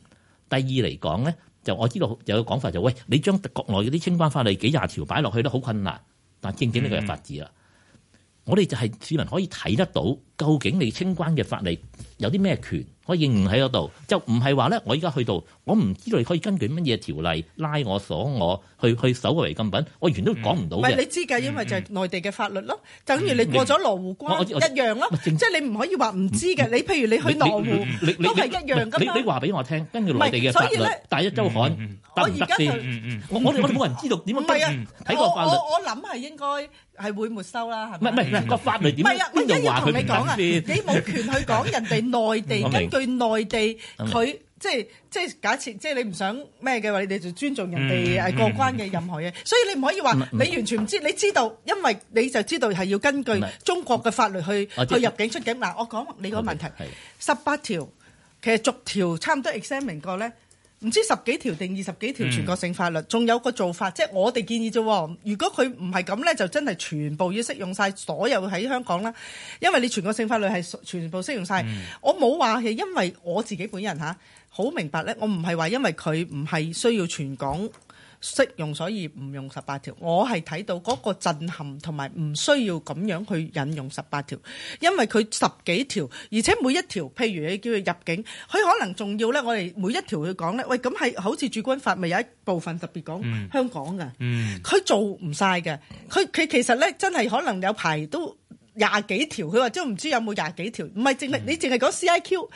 第二嚟講咧，就我知道有個講法就是、喂，你將國內嗰啲清關法例幾廿條擺落去都好困難，但正正呢個係法治啦。嗯、我哋就係市民可以睇得到。究竟你清關嘅法例有啲咩權可以應用喺嗰度，就唔係話咧。我依家去到，我唔知道你可以根據乜嘢條例拉我鎖我去去搜個違禁品，我完全都講唔到嘅。唔係你知㗎，因為就係內地嘅法律咯，等於你過咗羅湖關一樣咯，即係你唔可以話唔知嘅。你譬如你去羅湖，都係一樣㗎嘛。你你話俾我聽，跟住內地嘅法律，第一周刊，我而家佢，我我哋冇人知道點樣睇個法律。我我我諗係應該係會沒收啦。係咪？唔係唔係個法律點？邊度話佢唔得？你冇權去講人哋內地，根據內地佢，即係即係假設即係你唔想咩嘅話，你哋就尊重人哋誒過關嘅任何嘢。所以你唔可以話你完全唔知，你知道，因為你就知道係要根據中國嘅法律去去入境出境。嗱，我講你個問題，十八條其實逐條差唔多 examine 過咧。唔知十幾條定二十幾條全國性法律，仲、嗯、有個做法，即、就、係、是、我哋建議啫。如果佢唔係咁呢，就真係全部要適用晒所有喺香港啦。因為你全國性法律係全部適用晒。嗯、我冇話係因為我自己本人吓，好明白呢。我唔係話因為佢唔係需要全港適用所以唔用十八條，我係睇到嗰個震撼同埋唔需要咁樣去引用十八條，因為佢十幾條，而且每一條，譬如你叫佢入境，佢可能仲要咧，我哋每一條去講咧，喂，咁係好似駐軍法咪有一部分特別講香港嘅，佢、嗯嗯、做唔晒嘅，佢佢其實咧真係可能有排都。廿幾條，佢話即係唔知有冇廿幾條，唔係淨係你淨係講 C.I.Q，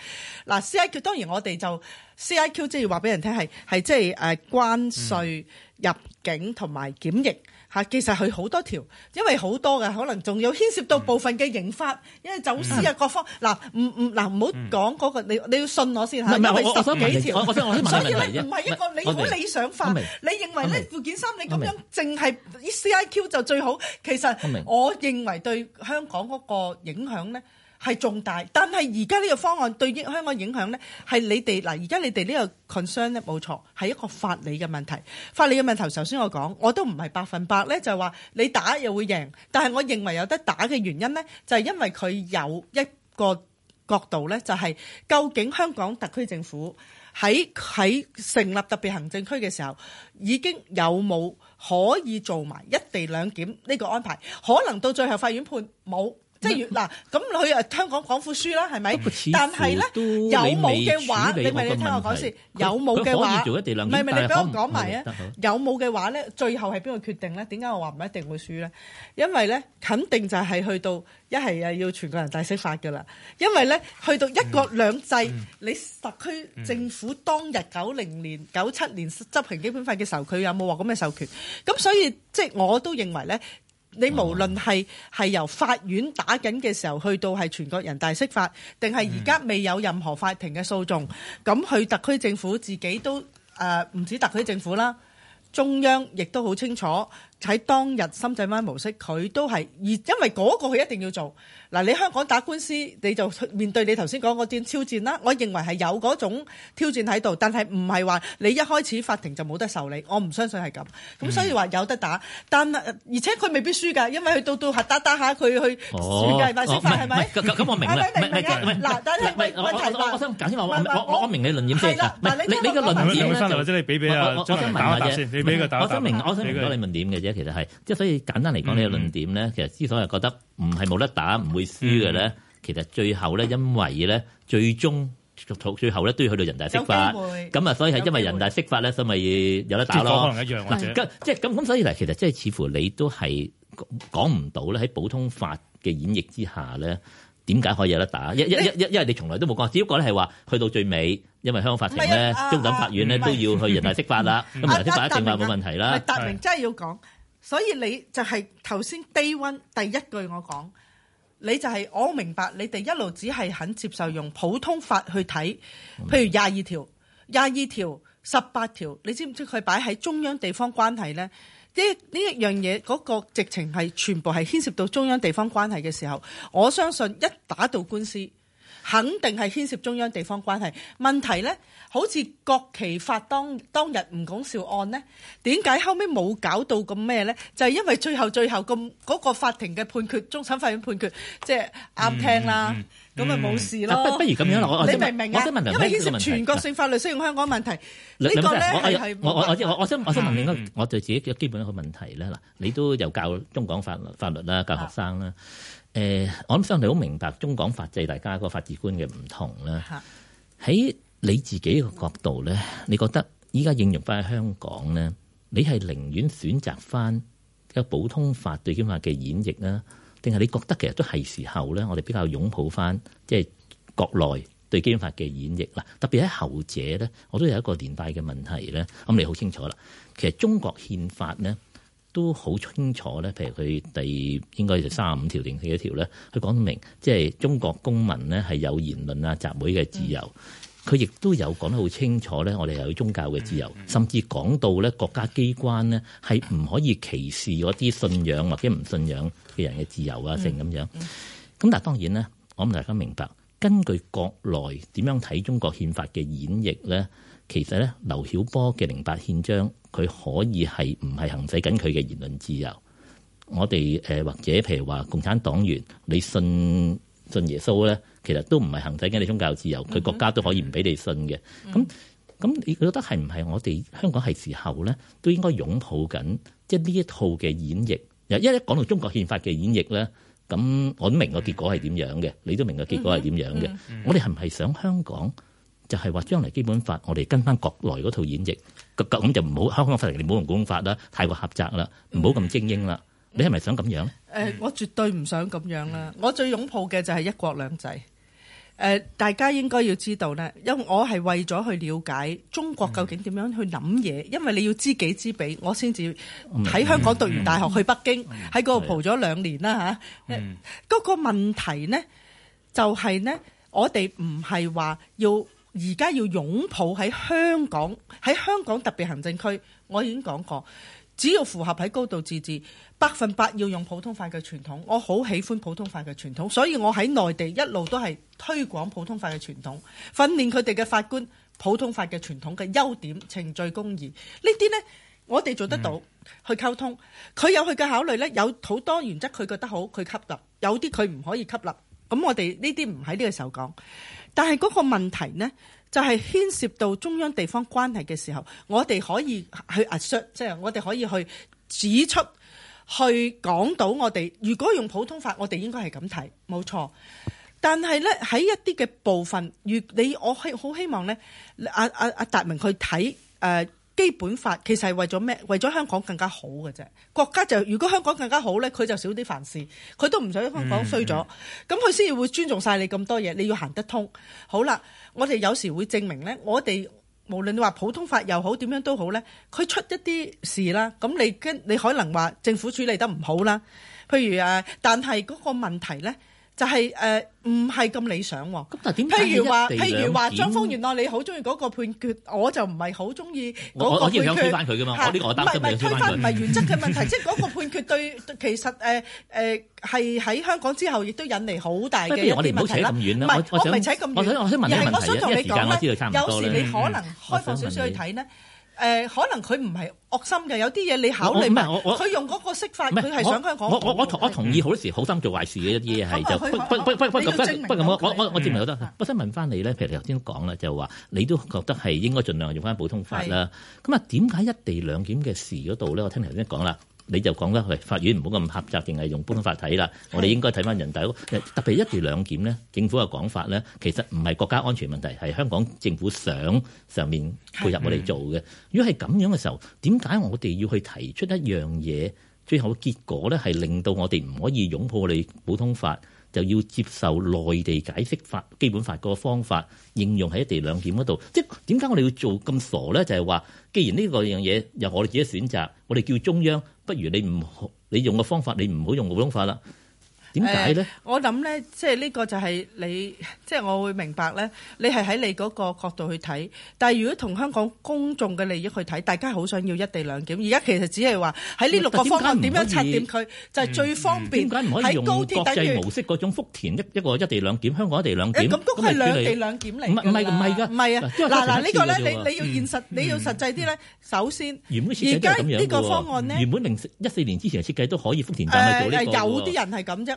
嗱，C.I.Q 當然我哋就 C.I.Q，即係話俾人聽係係即係誒關稅，嗯入境同埋檢疫，吓其實佢好多條，因為好多嘅可能仲有牽涉到部分嘅刑法。嗯、因為走私啊各方嗱，唔唔嗱，唔好講嗰個，你你要信我先吓，唔係十幾條，你你你所以咧唔係一個你理想化，你認為咧附件三你咁樣淨係 C I Q 就最好，其實我認為對香港嗰個影響咧。係重大，但係而家呢個方案對香港影響呢，係你哋嗱，而家你哋呢個 concern 呢，冇錯係一個法理嘅問題。法理嘅問題，首先我講，我都唔係百分百呢，就係話你打又會贏，但係我認為有得打嘅原因呢，就係因為佢有一個角度呢，就係究竟香港特區政府喺喺成立特別行政區嘅時候，已經有冇可以做埋一地兩檢呢個安排？可能到最後法院判冇。沒即係，嗱咁佢啊，香港廣府輸啦，係咪？但係咧，有冇嘅話，你咪你聽我講先。有冇嘅話，唔係唔係，你俾我講埋啊！有冇嘅話咧，最後係邊個決定咧？點解我話唔一定會輸咧？因為咧，肯定就係去到一係啊，要全國人大釋法㗎啦。因為咧，去到一國兩制，你特區政府當日九零年、九七年執行基本法嘅時候，佢有冇話咁嘅授權？咁所以即係我都認為咧。你無論係係由法院打緊嘅時候，去到係全國人大釋法，定係而家未有任何法庭嘅訴訟，咁佢特區政府自己都誒，唔止特區政府啦，中央亦都好清楚。喺當日深圳灣模式，佢都係，而因為嗰個佢一定要做。嗱，你香港打官司，你就面對你頭先講嗰啲挑戰啦。我認為係有嗰種挑戰喺度，但係唔係話你一開始法庭就冇得受理，我唔相信係咁。咁所以話有得打，但係而且佢未必輸㗎，因為佢到到打打下佢去算計或算法係咪？咁咁，我明啦。唔係，唔係，嗱，但係問題話，我我我明你論點即係，你你個論點咧，或者你俾俾阿張明打一打先，你俾佢打一打，俾佢。我想明，我想明咗你論點嘅啫。其實係，即係所以簡單嚟講，呢個論點咧，其實之所以覺得唔係冇得打，唔會輸嘅咧，其實最後咧，因為咧，最終最後咧都要去到人大釋法，咁啊，所以係因為人大釋法咧，所以咪有得打咯。可能一樣啊，即係即係咁咁，所以嚟其實即係似乎你都係講唔到咧，喺普通法嘅演繹之下咧，點解可以有得打？一一一一，因為你從來都冇講，只不過咧係話去到最尾，因為香港法庭咧、終審法院咧都要去人大釋法啦。咁人大釋法一定話冇問題啦。達明真係要講。所以你就係頭先低溫第一句我講，你就係我明白你哋一路只係肯接受用普通法去睇，譬如廿二條、廿二條、十八條，你知唔知佢擺喺中央地方關係呢？呢一樣嘢嗰個直情係全部係牽涉到中央地方關係嘅時候，我相信一打到官司。肯定係牽涉中央地方關係。問題咧，好似國旗法當當日吳恭劭案咧，點解後尾冇搞到咁咩咧？就係因為最後最後咁嗰個法庭嘅判決，終審法院判決即係啱聽啦，咁咪冇事咯。不不如咁樣啦，我我想我想問嚟，因為牽涉全國性法律，適用香港問題呢個咧係我我我我我想我想問另一個，我對自己嘅基本一個問題咧嗱，你都又教中港法法律啦，教學生啦。誒、呃，我諗雙方都明白中港法制大家個法治觀嘅唔同啦。喺的你自己個角度咧，你覺得依家應用翻喺香港咧，你係寧願選擇翻有普通法對基本法嘅演繹啦，定係你覺得其實都係時候咧？我哋比較擁抱翻即係國內對基本法嘅演繹啦。特別喺後者咧，我都有一個年代嘅問題咧。咁你好清楚啦，其實中國憲法咧。.都好清楚咧，譬如佢第應該就三十五條定幾多條咧，佢講明即係中國公民咧，係有言論啊集會嘅自由，佢亦都有講得好清楚咧，我哋有宗教嘅自由，甚至講到咧，國家機關咧係唔可以歧視嗰啲信仰或者唔信仰嘅人嘅自由啊，性咁樣。咁但係當然咧，我諗大家明白，根據國內點樣睇中國憲法嘅演繹咧？其實咧，劉曉波嘅《零八憲章》，佢可以係唔係行使緊佢嘅言論自由？我哋誒、呃、或者譬如話，共產黨員你信信耶穌咧，其實都唔係行使緊你宗教自由，佢國家都可以唔俾你信嘅。咁咁，那你覺得係唔係我哋香港係時候咧，都應該擁抱緊即係呢一套嘅演繹？又因為講到中國憲法嘅演繹咧，咁我都明個結果係點樣嘅，你都明個結果係點樣嘅。Mm hmm. mm hmm. 我哋係唔係想香港？就係話將嚟基本法，我哋跟翻國內嗰套演繹，咁就唔好香港法律你冇用，公法啦，太過狹窄啦，唔好咁精英啦。嗯、你係咪想咁樣咧？誒、呃，我絕對唔想咁樣啦。嗯、我最擁抱嘅就係一國兩制。誒、呃，大家應該要知道咧，因為我係為咗去了解中國究竟點樣去諗嘢，嗯、因為你要知己知彼，我先至喺香港讀完大學去北京喺嗰度蒲咗兩年啦嚇。嗰、嗯啊嗰個問題咧，就係呢，我哋唔係話要。而家要擁抱喺香港，喺香港特別行政區，我已經講過，只要符合喺高度自治，百分百要用普通法嘅傳統。我好喜歡普通法嘅傳統，所以我喺內地一路都係推廣普通法嘅傳統，訓練佢哋嘅法官，普通法嘅傳統嘅優點、程序公義呢啲呢，我哋做得到去溝通。佢有佢嘅考慮，呢有好多原則佢覺得好，佢吸納；有啲佢唔可以吸納。咁我哋呢啲唔喺呢個時候講。但係嗰個問題咧，就係、是、牽涉到中央地方關係嘅時候，我哋可以去 assert，即係我哋可以去指出、去講到我哋。如果用普通法，我哋應該係咁睇，冇錯。但係咧，喺一啲嘅部分，如你我希好希望咧，阿、啊、阿、啊、達明去睇誒。呃基本法其實係為咗咩？為咗香港更加好嘅啫。國家就如果香港更加好呢，佢就少啲煩事。佢都唔想香港衰咗，咁佢先至會尊重晒你咁多嘢。你要行得通。好啦，我哋有時會證明呢，我哋無論你話普通法又好點樣都好呢，佢出一啲事啦，咁你跟你可能話政府處理得唔好啦。譬如，呃，但係嗰個問題呢。就係誒，唔係咁理想喎。譬如話，譬如話，張峰原來你好中意嗰個判決，我就唔係好中意嗰個判決。我我要推翻佢嘛？唔係唔係推翻，唔係原則嘅問題，即係嗰個判決對其實誒誒係喺香港之後，亦都引嚟好大嘅一啲問題啦。唔係，我唔係扯咁遠啦。我想我想問一問，因為時間我知道差唔多咧。有時你可能開放少少去睇呢。誒、呃、可能佢唔係惡心嘅，有啲嘢你考慮埋。佢用嗰個釋法，佢係我想香港。我我我同我同意好多時好心做壞事嘅一啲嘢係就。不不不證明不不我我我只問得。我，嗯、我想問翻你咧，譬如你頭先講啦，就話你都覺得係應該盡量用翻普通法啦。咁啊是，點解一地兩檢嘅事嗰度咧？我聽頭先講啦。你就講啦，法院唔好咁狹窄，定係用普通法睇啦。我哋應該睇翻人大，特別一地兩檢咧。政府嘅講法咧，其實唔係國家安全問題，係香港政府想上面配合我哋做嘅。如果係咁樣嘅時候，點解我哋要去提出一樣嘢？最後嘅結果咧，係令到我哋唔可以擁抱我哋普通法，就要接受內地解釋法、基本法個方法應用喺一地兩檢嗰度。即係點解我哋要做咁傻咧？就係話，既然呢個樣嘢由我哋自己選擇，我哋叫中央。不如你唔好，你用嘅方法，你唔好用普通法啦。點解咧？我諗咧，即係呢個就係你，即係我會明白咧。你係喺你嗰個角度去睇，但係如果同香港公眾嘅利益去睇，大家好想要一地兩檢。而家其實只係話喺呢六個方案點樣測點，佢就係最方便。點解唔可以用高鐵模式嗰種福田一一個一地兩檢，香港一地兩檢，咁都係兩地兩檢嚟。唔係唔係唔係，而家唔係啊！嗱嗱，呢個咧，你你要現實，你要實際啲咧。首先，而家呢個方案咧，原本零一四年之前設計都可以福田站去做呢個。有啲人係咁啫。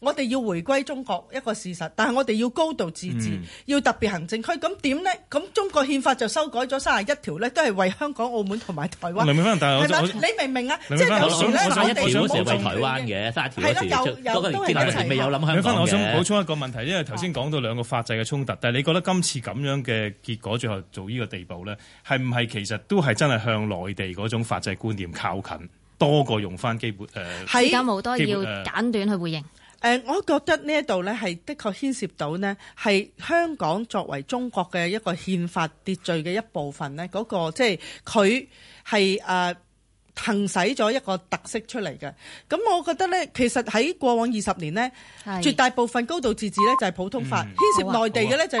我哋要回歸中國一個事實，但係我哋要高度自治，要特別行政區，咁點呢？咁中國憲法就修改咗卅一條呢，都係為香港、澳門同埋台灣。你明唔明啊？即係九二，我哋唔好為台灣嘅卅一條。係咯，有有都係未有諗喺。我想補充一個問題，因為頭先講到兩個法制嘅衝突，但係你覺得今次咁樣嘅結果最後做呢個地步呢，係唔係其實都係真係向內地嗰種法制觀念靠近，多過用翻基本誒？而家冇多，要簡短去回應。誒、呃、我覺得呢一度咧係的確牽涉到咧，係香港作為中國嘅一個憲法秩序嘅一部分咧，嗰個即係佢係誒行使咗一個特色出嚟嘅。咁我覺得咧，其實喺過往二十年咧，是絕大部分高度自治咧就係、是、普通法牽、嗯、涉內地嘅咧就。